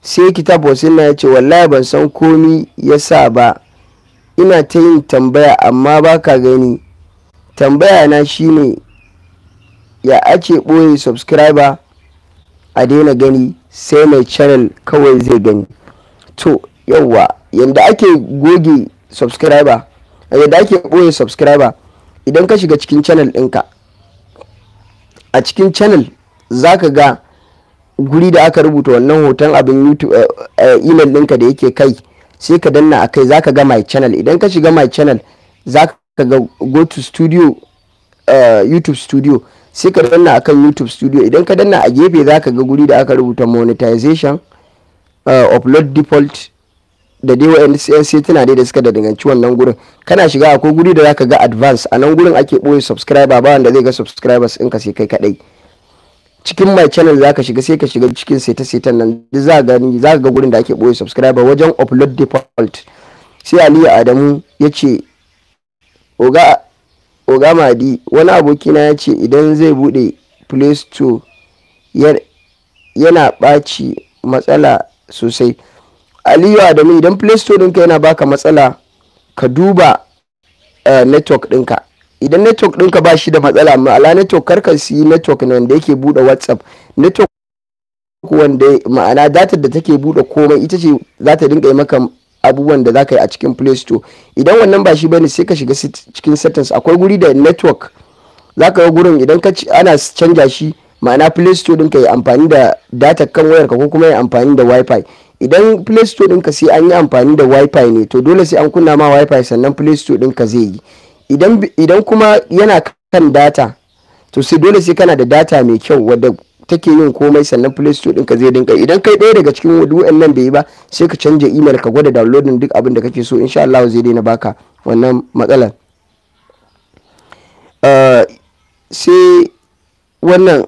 sai kitab wasinna ya ce wallahi ban san komi ya sa ba ina ta yin tambaya amma ba ka gani tambaya na shine ya ake ɓoye subscriber a daina gani sai mai channel kawai zai gani to yauwa yadda ake goge subscriber yadda ake ɓoye subscriber idan ka shiga cikin channel ɗinka a cikin channel za ka ga guri da aka rubuta wannan hoton abin youtube eh, eh, email ɗinka da yake kai sai ka danna a kai zaka ga my channel idan ka shiga my channel zaka ga go to studio eh, youtube studio sai ka danna a kan youtube studio idan ka danna a gefe zaka ga guri da aka rubuta monetization upload default da dai wa'yan tana dai da suka da danganci wannan gurin kana shiga akwai guri da zaka ga advance a nan gurin ake ɓoye subscriber ba wanda zai ga subscribers in ka sai kai kadai cikin my channel za ka shiga sai ka shiga cikin seta setan nan za ka gani za ga gurin da ake boye subscriber wajen upload default sai aliyu adamu ya ce oga oga madi wani abokina ya ce idan zai bude play store yana ɓaci matsala sosai aliyu adamu idan play store ɗinka yana baka matsala ka duba eh, network ɗinka idan network ɗinka ba shi da matsala ala network karka siyi network ne wanda yake buɗe whatsapp network wanda ma'ana datar da take buɗe komai ita ce za ta dinga yi maka abubuwan da za ka yi a cikin play store idan wannan ba shi ba ne sai ka shiga cikin settings akwai guri da network za ka ga gurin idan ka ana canja shi ma'ana play store ɗinka yi amfani da data kan wayarka ko kuma yi amfani da wifi idan play store ɗinka sai an yi amfani da wifi ne to dole sai an kunna ma wifi sannan play store ɗinka zai yi idan kuma yana kan data to sai dole sai kana da data mai kyau wadda take yin komai sannan play store ɗinka zai dinka idan kai ɗaya daga cikin wadu'an nan bai yi ba sai ka canja email ka gwada downloading duk abin da kake so insha Allah zai daina baka wannan matsalar eh, sai wannan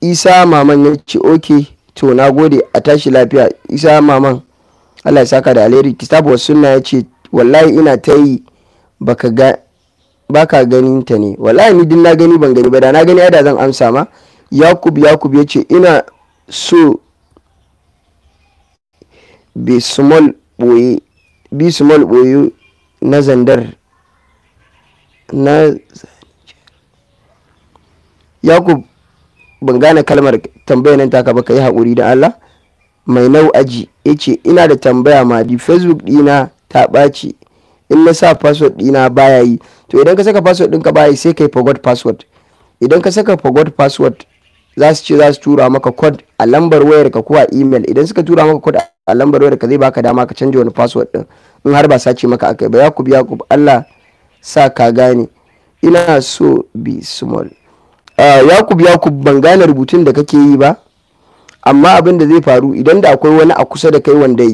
isa maman ya ce ok to na gode a tashi lafiya isa maman Allah ya saka da alheri kitabu wasu suna ya ce wallahi ina ta yi ba ka ganin ta ne wallahi ni din na gani ban gani ba da na gani ada da zan amsa ma yakub yakub ya ce ina so bi small boye na zandar na yakub ban gane kalmar tambayar nan taka ba ka yi haƙuri da allah mai nau'aji ya ce ina da tambaya ma di facebook dina ta ɓaci in na sa password dina baya yi to idan ka saka password ɗinka baya yi sai kai forgot password idan ka saka forgot password za su ce za su tura maka code a lambar wayar ka ko a email idan suka tura maka code a lambar wayar ka zai baka dama ka canja wani password din in har ba sace maka akai ba yakub yakub Allah sa ka gane ina so be small yakub ah, yakub ban gane rubutun da kake yi ba amma abin da zai faru idan da akwai wani a kusa da kai wanda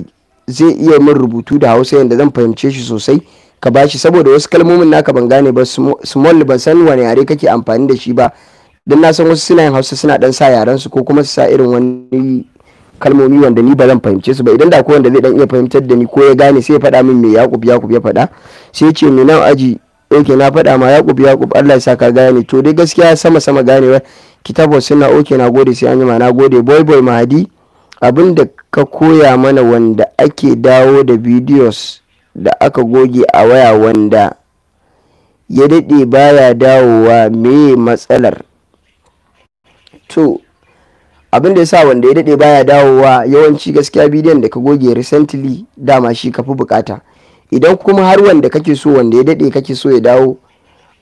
zai iya min rubutu da hausa yadda zan fahimce shi sosai ka bashi saboda wasu kalmomin naka ban gane ba small ban san wani yare kake amfani da shi ba don na san wasu suna yin hausa suna dan sa yaran su ko kuma su sa irin wani kalmomi wanda ni ba zan fahimce su ba idan da ko wanda zai dan iya fahimtar da ni ko ya gane sai ya faɗa min me yakub yakub ya faɗa sai ce me nan aji oke na faɗa ma yakub yakub Allah ya sa ka gane to dai gaskiya sama sama ganewa kitabu suna oke na gode sai an yi na gode boy boy mahadi abin da ka koya mana wanda ake dawo da bidiyos da aka goge a waya wanda ya daɗe baya dawowa meye matsalar to abin da yasa wanda ya daɗe baya dawowa yawanci gaskiya bidiyon da ka goge recently dama shi kafi bukata idan kuma har wanda kake so wanda ya daɗe kake so ya dawo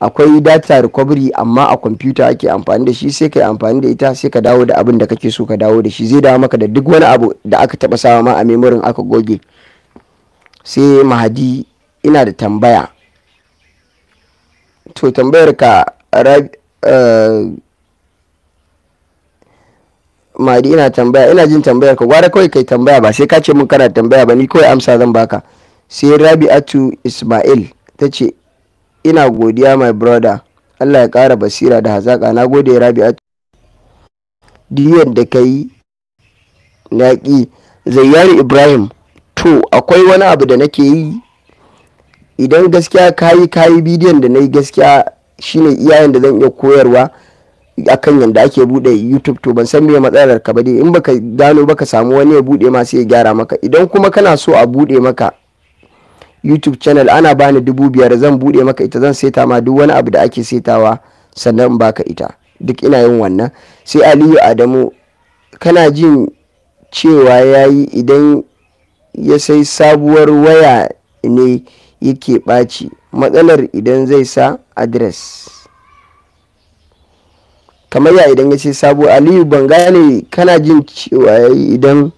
akwai data recovery amma a kwamfuta ake amfani da shi sai ka amfani da ita sai ka dawo da abin da kake so ka dawo da shi zai dawo maka da duk wani abu da aka taba sawa ma a memorin aka goge sai mahadi ina da tambaya to tambayar ka eh, mahadi ina tambaya ina jin tambayar ka gwara kawai kai tambaya ba sai ka ce mun kana tambaya ba ni kawai amsa zan baka sai rabi'atu ismail ta ce ina godiya my brother allah ya kara basira da hazaƙa na gode rabi'atu diyan da ka yi na ƙi zayyari ibrahim to akwai wani abu da nake yi idan gaskiya kayi kayi bidiyon da na yi gaskiya shine iyayen da zan iya koyarwa akan yadda ake bude youtube to ban san me matsalar ka ba dai in baka gano baka samu wani ya bude ma sai ya gyara maka idan kuma kana so a bude maka youtube channel ana bani dubu biyar zan bude maka ita zan seta ma duk wani abu da ake setawa sannan in baka ita duk ina yin wannan sai aliyu adamu kana jin cewa ya yi idan ya sai sabuwar waya ne yake ɓaci matsalar idan zai sa adres kamar ya idan ya sai sabuwar aliyu ban gane kana jin cewa ya yi idan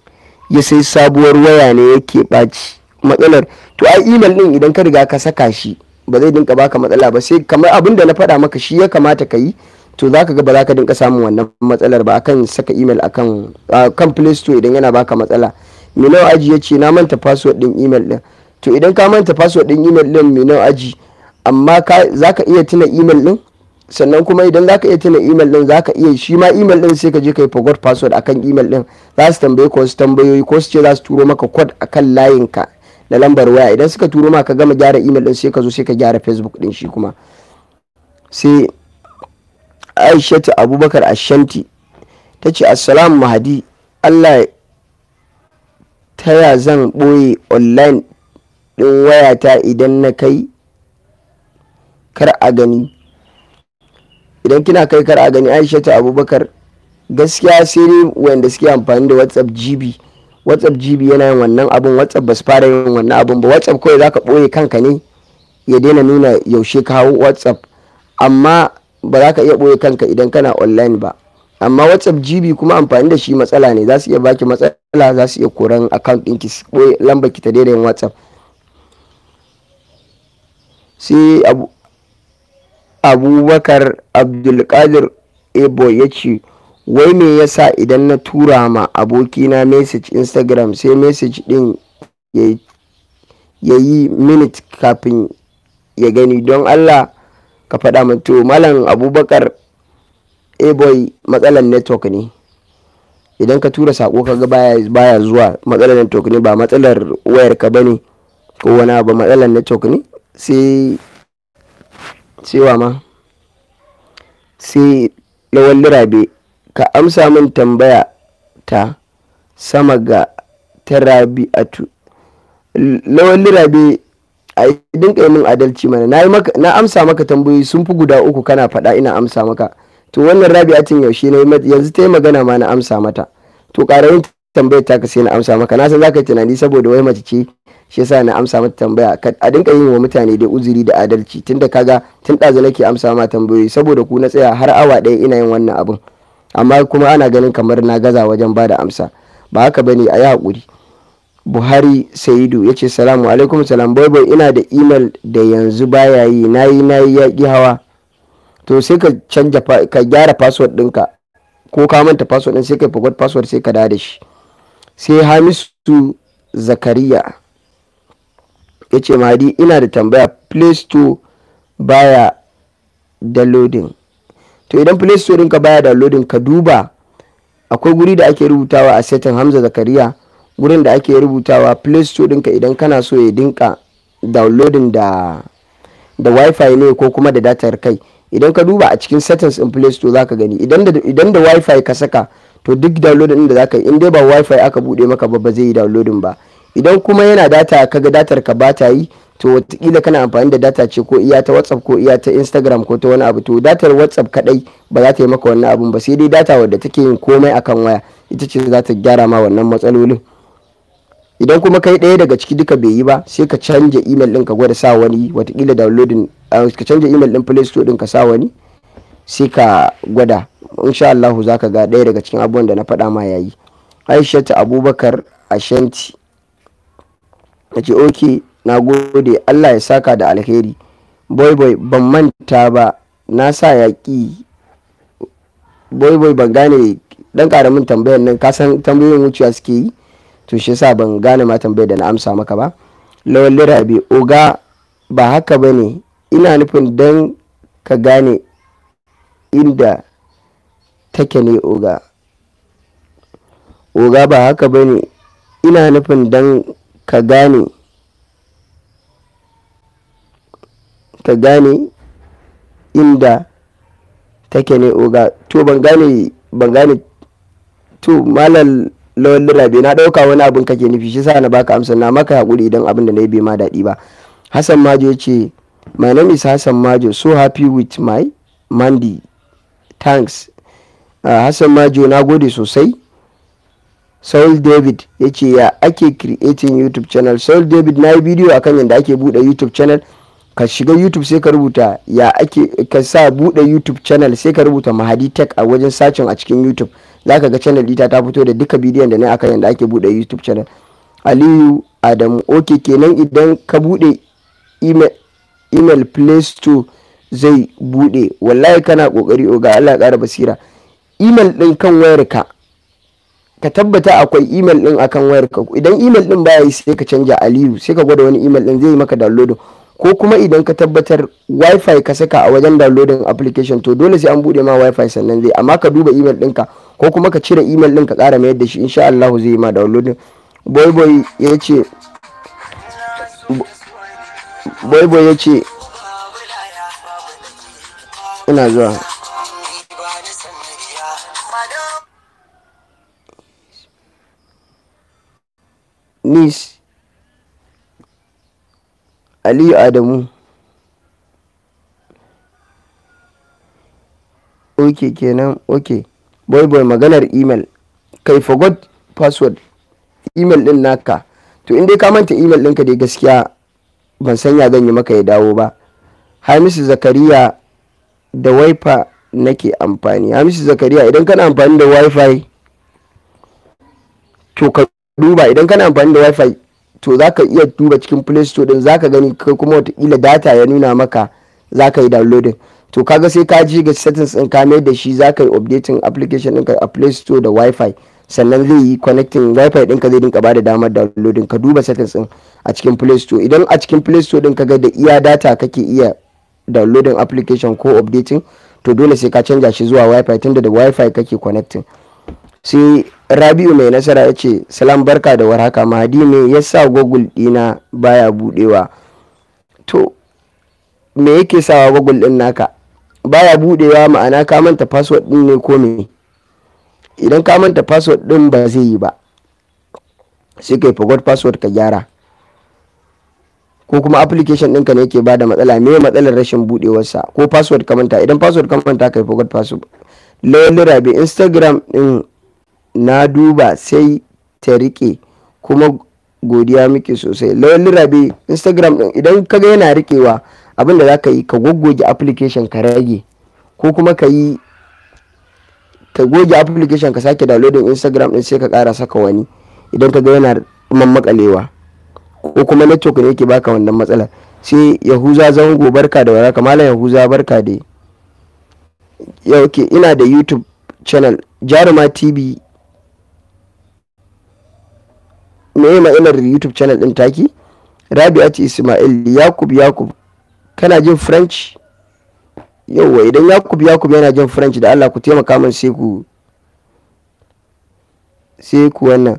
ya sai sabuwar waya ne yake ɓaci matsalar to ai email din idan ka riga ka saka shi ba zai dinka baka matsala ba sai kamar abin da na faɗa maka shi ya kamata ka yi to zaka ga ba za ka dinka samun wannan matsalar ba akan saka email akan kan play store idan yana baka matsala nawa aji ya ce na manta password din email din to idan ka manta password din email din nawa aji amma za ka iya tuna email din sannan kuma idan za ka iya tuna email din za ka iya shi ma email din sai ka je ka yi forgot password akan email din za su tambaye ko su tambayoyi ko su ce za su turo maka code akan layin ka na lambar waya idan suka turo ma ka gama gyara email din sai ka zo sai ka gyara facebook din shi kuma sai aishatu abubakar ashanti ta ce assalamu mahadi allah ta ya zan ɓoye online wayata idan na kai kar a gani idan kina kai kar a gani aishatu abubakar gaskiya sai ne wanda suke amfani da whatsapp gb whatsapp gb yana yin wannan abun whatsapp ba su fara yin wannan abun ba whatsapp kawai zaka ɓoye kanka ne ya daina nuna yaushe ka hau whatsapp amma ba za ka iya boye kanka idan kana online ba amma whatsapp gb kuma amfani da shi matsala ne za su iya baki matsala za su iya koran account ɗinki ki boye lambar ki ta daina yin whatsapp sai abubakar abdulkadir ebo ya ce wai me yasa idan na tura ma abokina message instagram sai message din ya yi minute kafin ya gani don allah ka faɗa min to malam abubakar a-boy eh matsalan network ne idan ka tura sako kaga baya zuwa matsalar network ne ba matsalar wayar ka bane ko wani abu matsalar network ne sai cewa ma sai lawan lirabe ka amsa min tambaya ta sama ga ta rabi'atu lawalli rabe a dinka yi min adalci mana na amsa maka tambayoyi sun fi guda uku kana faɗa ina amsa maka to wannan rabi'atin yaushe na yanzu ta yi magana ma na amsa mata to ƙarayin tambaya ta ka sai na amsa maka na za ka yi tunani saboda wai mace ce shi yasa na amsa mata tambaya a dinka yin wa mutane da uzuri da adalci tunda kaga tun ɗazu nake amsa ma tambayoyi saboda ku na tsaya har awa ɗaya ina yin wannan abin amma kuma ana ganin kamar na gaza wajen ba da amsa ba haka ba ne a yi haƙuri buhari saidu ya ce salamu alaikum salam boy ina da imel da yanzu baya yi na yi na yi yaƙi hawa to sai ka canja ka gyara password ɗinka ko ka manta password ɗin sai ka forgot password sai ka da da shi sai hamisu zakariya ya ce mahadi ina da tambaya play store baya downloading to idan play store ɗinka baya downloading ka duba akwai guri da ake rubutawa a setin hamza zakariya gurin da ake rubutawa play store ɗinka idan kana so ya dinka downloading da da wifi ne ko kuma da datar kai idan ka duba a cikin settings in play store zaka gani idan da wifi ka saka to duk downloading din da zaka yi in dai ba wifi aka bude maka ba ba zai yi downloading ba idan kuma yana data kaga datar ka ba ta yi to watakila kana amfani da data ce ko iya ta whatsapp ko iya ta instagram ko ta wani abu to datar whatsapp kadai ba za ta yi maka wannan abun ba sai dai data wadda take yin komai akan waya ita ce za ta gyara ma wannan matsalolin idan kuma kai ɗaya daga ciki duka bai yi ba sai ka canja email ɗin ka gwada sa wani watakila downloading ka canja email ɗin play store ɗin ka sa wani sai ka gwada insha Allah za ka ga ɗaya daga cikin abubuwan da na faɗa ma yayi aisha ta abubakar ashanti ta ce okay na gode allah ya saka da alheri boy boy ban manta ba na sa yaƙi boy boy ban gane dan karamin tambayar nan ka san tambayoyin wuciya suke yi to shi yasa ban gane ma tambayar da na amsa maka ba lawal rabi oga ba haka ba ne ina nufin dan ka gane inda take ne oga oga ba haka ba ne ina nufin dan ka gane ka gane inda take ne oga to ban gane ban gane to malal lawan rabe na dauka wani abin kake nufi shi sa na baka amsa na maka hakuri idan abin da na yi bai ma daɗi ba hassan majo ce my name is hassan majo so happy with my mandi thanks uh, hassan majo na gode sosai saul david ya ce ya ake creating youtube channel saul david na yi bidiyo akan yadda ake buɗe youtube channel ka shiga youtube sai ka rubuta ya ake ka sa bude youtube channel sai ka rubuta mahadi tech a wajen sacin a cikin youtube za ka ga channel dita ta fito da duka bidiyon da na aka yadda ake bude youtube channel aliyu adamu ok kenan idan ka bude email, email play store zai bude wallahi kana kokari ga allah kara basira email din kan wayarka ka tabbata akwai email din akan wayarka idan email din baya yi sai ka canja aliyu sai ka gwada wani email din zai yi maka download. ko kuma idan ka tabbatar wifi ka saka a wajen downloading application to dole sai an bude ma wifi sannan zai amma ka duba email ɗinka ko kuma ka cire email ɗin ka ƙara mayar da shi insha Allah zai ma downloading boy boy ya ce ina zuwa nice aliyu adamu ok kenan ok boy boy maganar email kai forgot password email din naka to in dai ka manta email ɗinka dai gaskiya ban sanya zan yi maka ya dawo ba hamisu zakariya da wifi nake amfani hamisu zakariya idan kana amfani da wifi to ka duba idan kana amfani da wifi to za ka iya duba cikin play store din za ka gani ko kuma watakila data ya nuna maka za ka yi downloading to kaga sai ka je ga settings din ka mai da shi za ka yi updating application ɗinka a play store da wifi sannan zai yi connecting wifi ɗinka zai dinka bada damar downloading ka duba settings din a cikin play store idan a cikin play store din kaga da iya data kake iya downloading application ko updating to dole sai ka canja shi zuwa wifi tunda da wifi kake connecting sai rabiu mai nasara ya ce salam barka da warhaka mahadi ne ya sa google dina baya budewa to me yake sawa google din naka baya budewa ma'ana ka manta password din ne ko me idan ka manta password din ba zai yi ba sai kai forgot password ka gyara ko kuma application ɗinka ne yake bada matsala me matsalar rashin budewarsa ko password ka manta idan password ka manta kai forgot password lalura rabe instagram din na duba sai ta rike kuma godiya muke sosai lawali rabe instagram din idan ka ga yana rikewa abinda za ka yi ka goggoge application ka rage ko kuma ka yi ka goge application ka sake downloading instagram din sai ka kara saka wani idan ka ga yana mammakalewa ko kuma network ne yake baka wannan matsalar sai yahuza zango barka da waraka malam yahuza barka da yauke ina da youtube channel jaruma tv meye ma'ilar youtube channel din taki rabia ce ismail yakub yakub kana jin french yauwa idan yakub yakub yana jin french da allah ku taimaka min sai ku sai ku wannan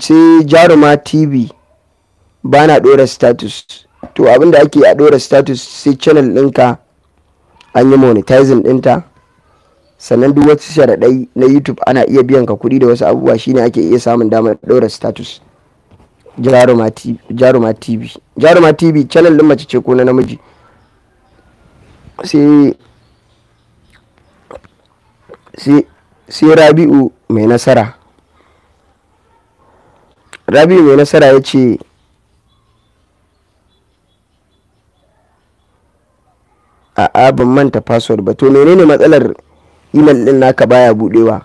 sai jaruma tv ba na ɗora status to abinda ake a ɗora status sai channel ɗinka an yi monetizing ɗinta sannan duk wasu sharaɗai na youtube ana iya biyan ka kuɗi da wasu abubuwa shine ake iya samun damar ɗora status jaruma tv jaruma tv channel ɗin mace ce ko na namiji sai rabi'u mai nasara rabi'u mai nasara ya ce a'a ban manta password ba to menene matsalar email din naka baya budewa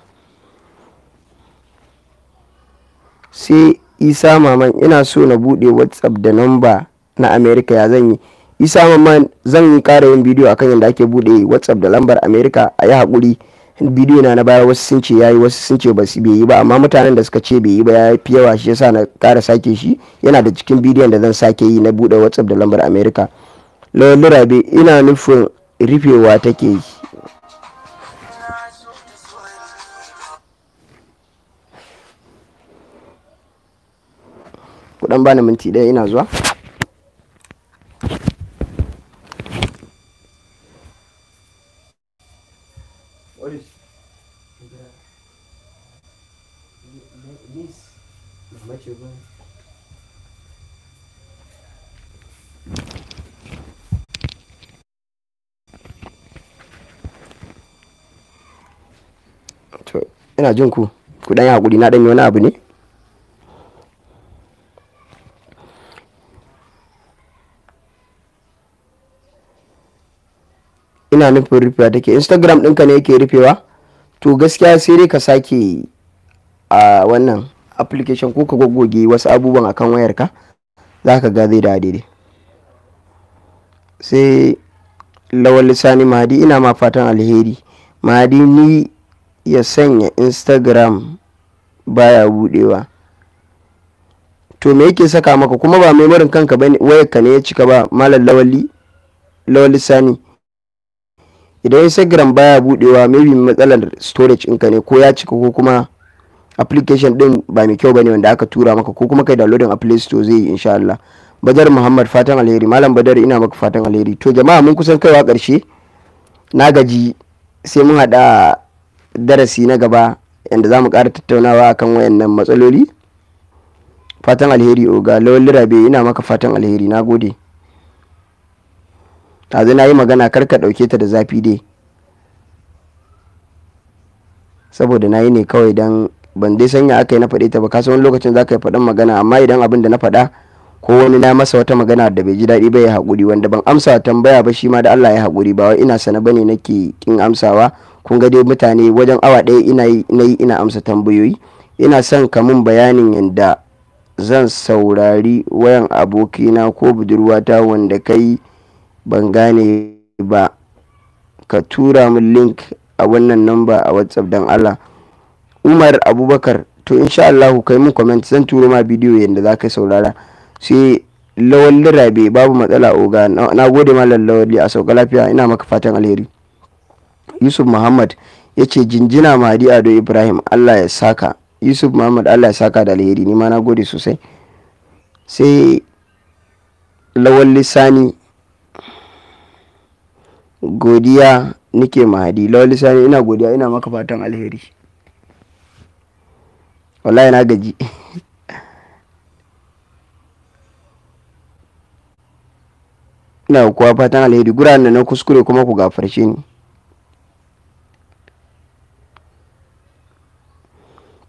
sai isa maman ina so na bude whatsapp da namba na america ya zan yi isa maman zan yi kara yin bidiyo akan yadda ake bude whatsapp da lambar america a yi haƙuri bidiyo na na baya wasu sun ce yayi wasu sun ce basu bai yi ba amma mutanen da suka ce bai yi ba ya fi yawa shi yasa na kara sake shi yana da cikin bidiyon da zan sake yi na bude whatsapp da lambar america lawal rabe ina nufin rufewa take yi kudan bani minti ɗaya ina zuwa ina jin ku ku dan hakuri na dan wani abu ne ina nufin rufewa take instagram ɗinka ne yake rufewa to gaskiya sai dai ka sake a wannan application ko ka goggoge wasu abubuwan akan wayarka za ka ga zai da daidai sai lawal sani mahadi ina ma fatan alheri mahadi ni ya sanya instagram baya budewa to me yake saka maka kuma ba memorin kanka ba wayarka ne ya cika ba malam lawali lawal sani idan instagram baya budewa maybe matsalar storage ɗinka ne ko ya cika ko kuma application din ba mai kyau bane wanda aka tura maka ko kuma kai downloading a play store zai yi insha Allah Badar Muhammad fatan alheri malam Badar ina maka fatan alheri to jama'a mun kusan kaiwa karshe na gaji sai mun hada darasi na gaba yanda zamu ƙara tattaunawa akan wayannan matsaloli fatan alheri oga lawal rabe ina maka fatan alheri na gode. tazi na yi magana kar ka ɗauke ta da zafi dai saboda na yi ne kawai don ban dai sanya aka yi na faɗe ta ba kasan wani lokacin za ka yi faɗin magana amma idan abin da na faɗa ko wani na masa wata magana da bai ji daɗi ba ya haƙuri wanda ban amsa tambaya ba shi ma da Allah ya haƙuri ba wai ina sana bane nake kin amsawa kun ga dai mutane wajen awa ɗaya ina yi ina amsa tambayoyi ina son ka min bayanin yadda zan saurari wayan abokina ko budurwata wanda kai ban gane ba ka tura min link a wannan namba a whatsapp don allah umar abubakar to insha kai min comment zan turo ma bidiyo yadda za ka saurara sai lawan rabe babu matsala oga na gode ma lallawali a sauka lafiya ina maka fatan alheri yusuf muhammad ya ce jinjina mahadi ado ibrahim allah ya saka yusuf muhammad allah ya saka da alheri ni ma na gode sosai sai lawan sani. godiya nike mahadi lawali sani ina godiya ina maka fatan alheri wallahi na gaji ina kuwa fatan alheri guran na na kuskure kuma ku gafarshe ni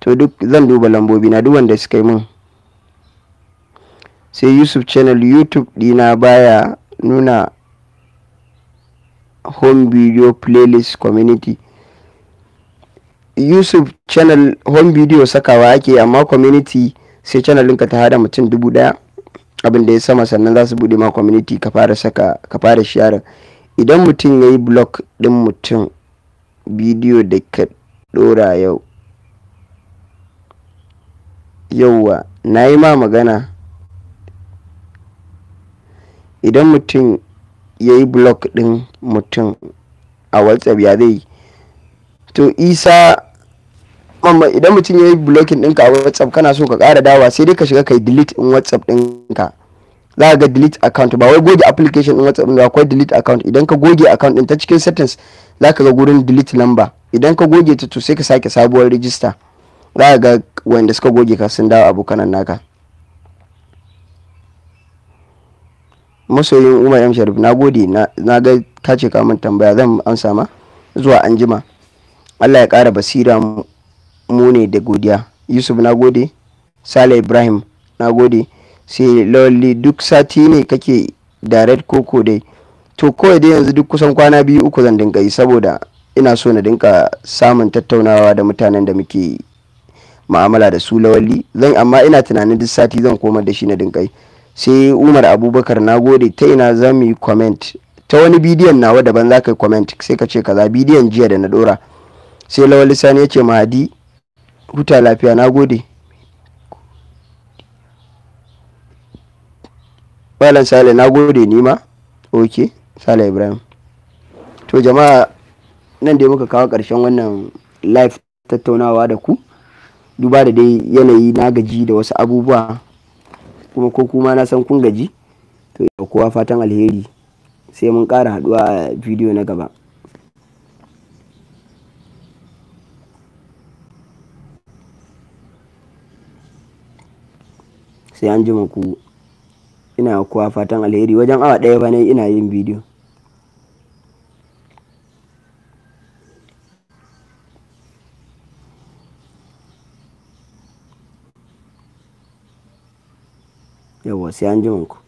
to duk zan duba lambobi na duk wanda suka yi min sai yusuf channel youtube dina baya nuna home video playlist community yusuf channel home video sakawa ake amma community sai channel ɗinka ta hada mutum dubu daya abin da ya sama sannan za su bude ma community ka fara saka ka fara share idan mutum ya yi blog ɗin mutum video da ka ɗora yau yauwa na yi ma magana idan mutum ya yi blog ɗin mutum a whatsapp ya zai to isa mamma idan mutum ya yi blocking ɗinka a whatsapp kana so ka ƙara dawa sai dai ka shiga ka yi delete in whatsapp ɗinka za ka ga delete account ba wai goge application ɗin whatsapp ɗinka akwai delete account idan ka goge account ɗin ta cikin settings za ka ga gurin delete number idan ka goge ta to sai ka sake sabuwar register za ka ga wanda suka goge ka sun dawo abokanan naka masoyin umar m sharif na gode na ga kace ce tambaya zan amsa ma zuwa anjima allah ya kara basira mu ne da godiya yusuf na gode sale ibrahim na gode sai lawalli duk sati ne kake da red coco dai to kawai dai yanzu duk kusan kwana biyu uku zan dinka yi saboda ina so na dinka samun tattaunawa da mutanen da muke ma'amala da su lawalli zan amma ina tunanin duk sati zan komar da shi na dinka yi sai umar abubakar na gode ta ina za mu yi comment ta wani bidiyon nawa daban za ka yi comment sai ka ce kaza bidiyon jiya da na dora sai lawal sani ya ce mahadi huta lafiya na gode balan sale na gode ni ok sale ibrahim to jama'a nan dai muka kawo ƙarshen wannan live tattaunawa da ku duba da dai yanayi na gaji da wasu abubuwa kuma ko kuma na san kun gaji to kowa fatan alheri sai mun kara haduwa a bidiyo na gaba sai an ji ku ina kowa fatan alheri wajen awa daya ba ina yin bidiyo yawwa sai an ku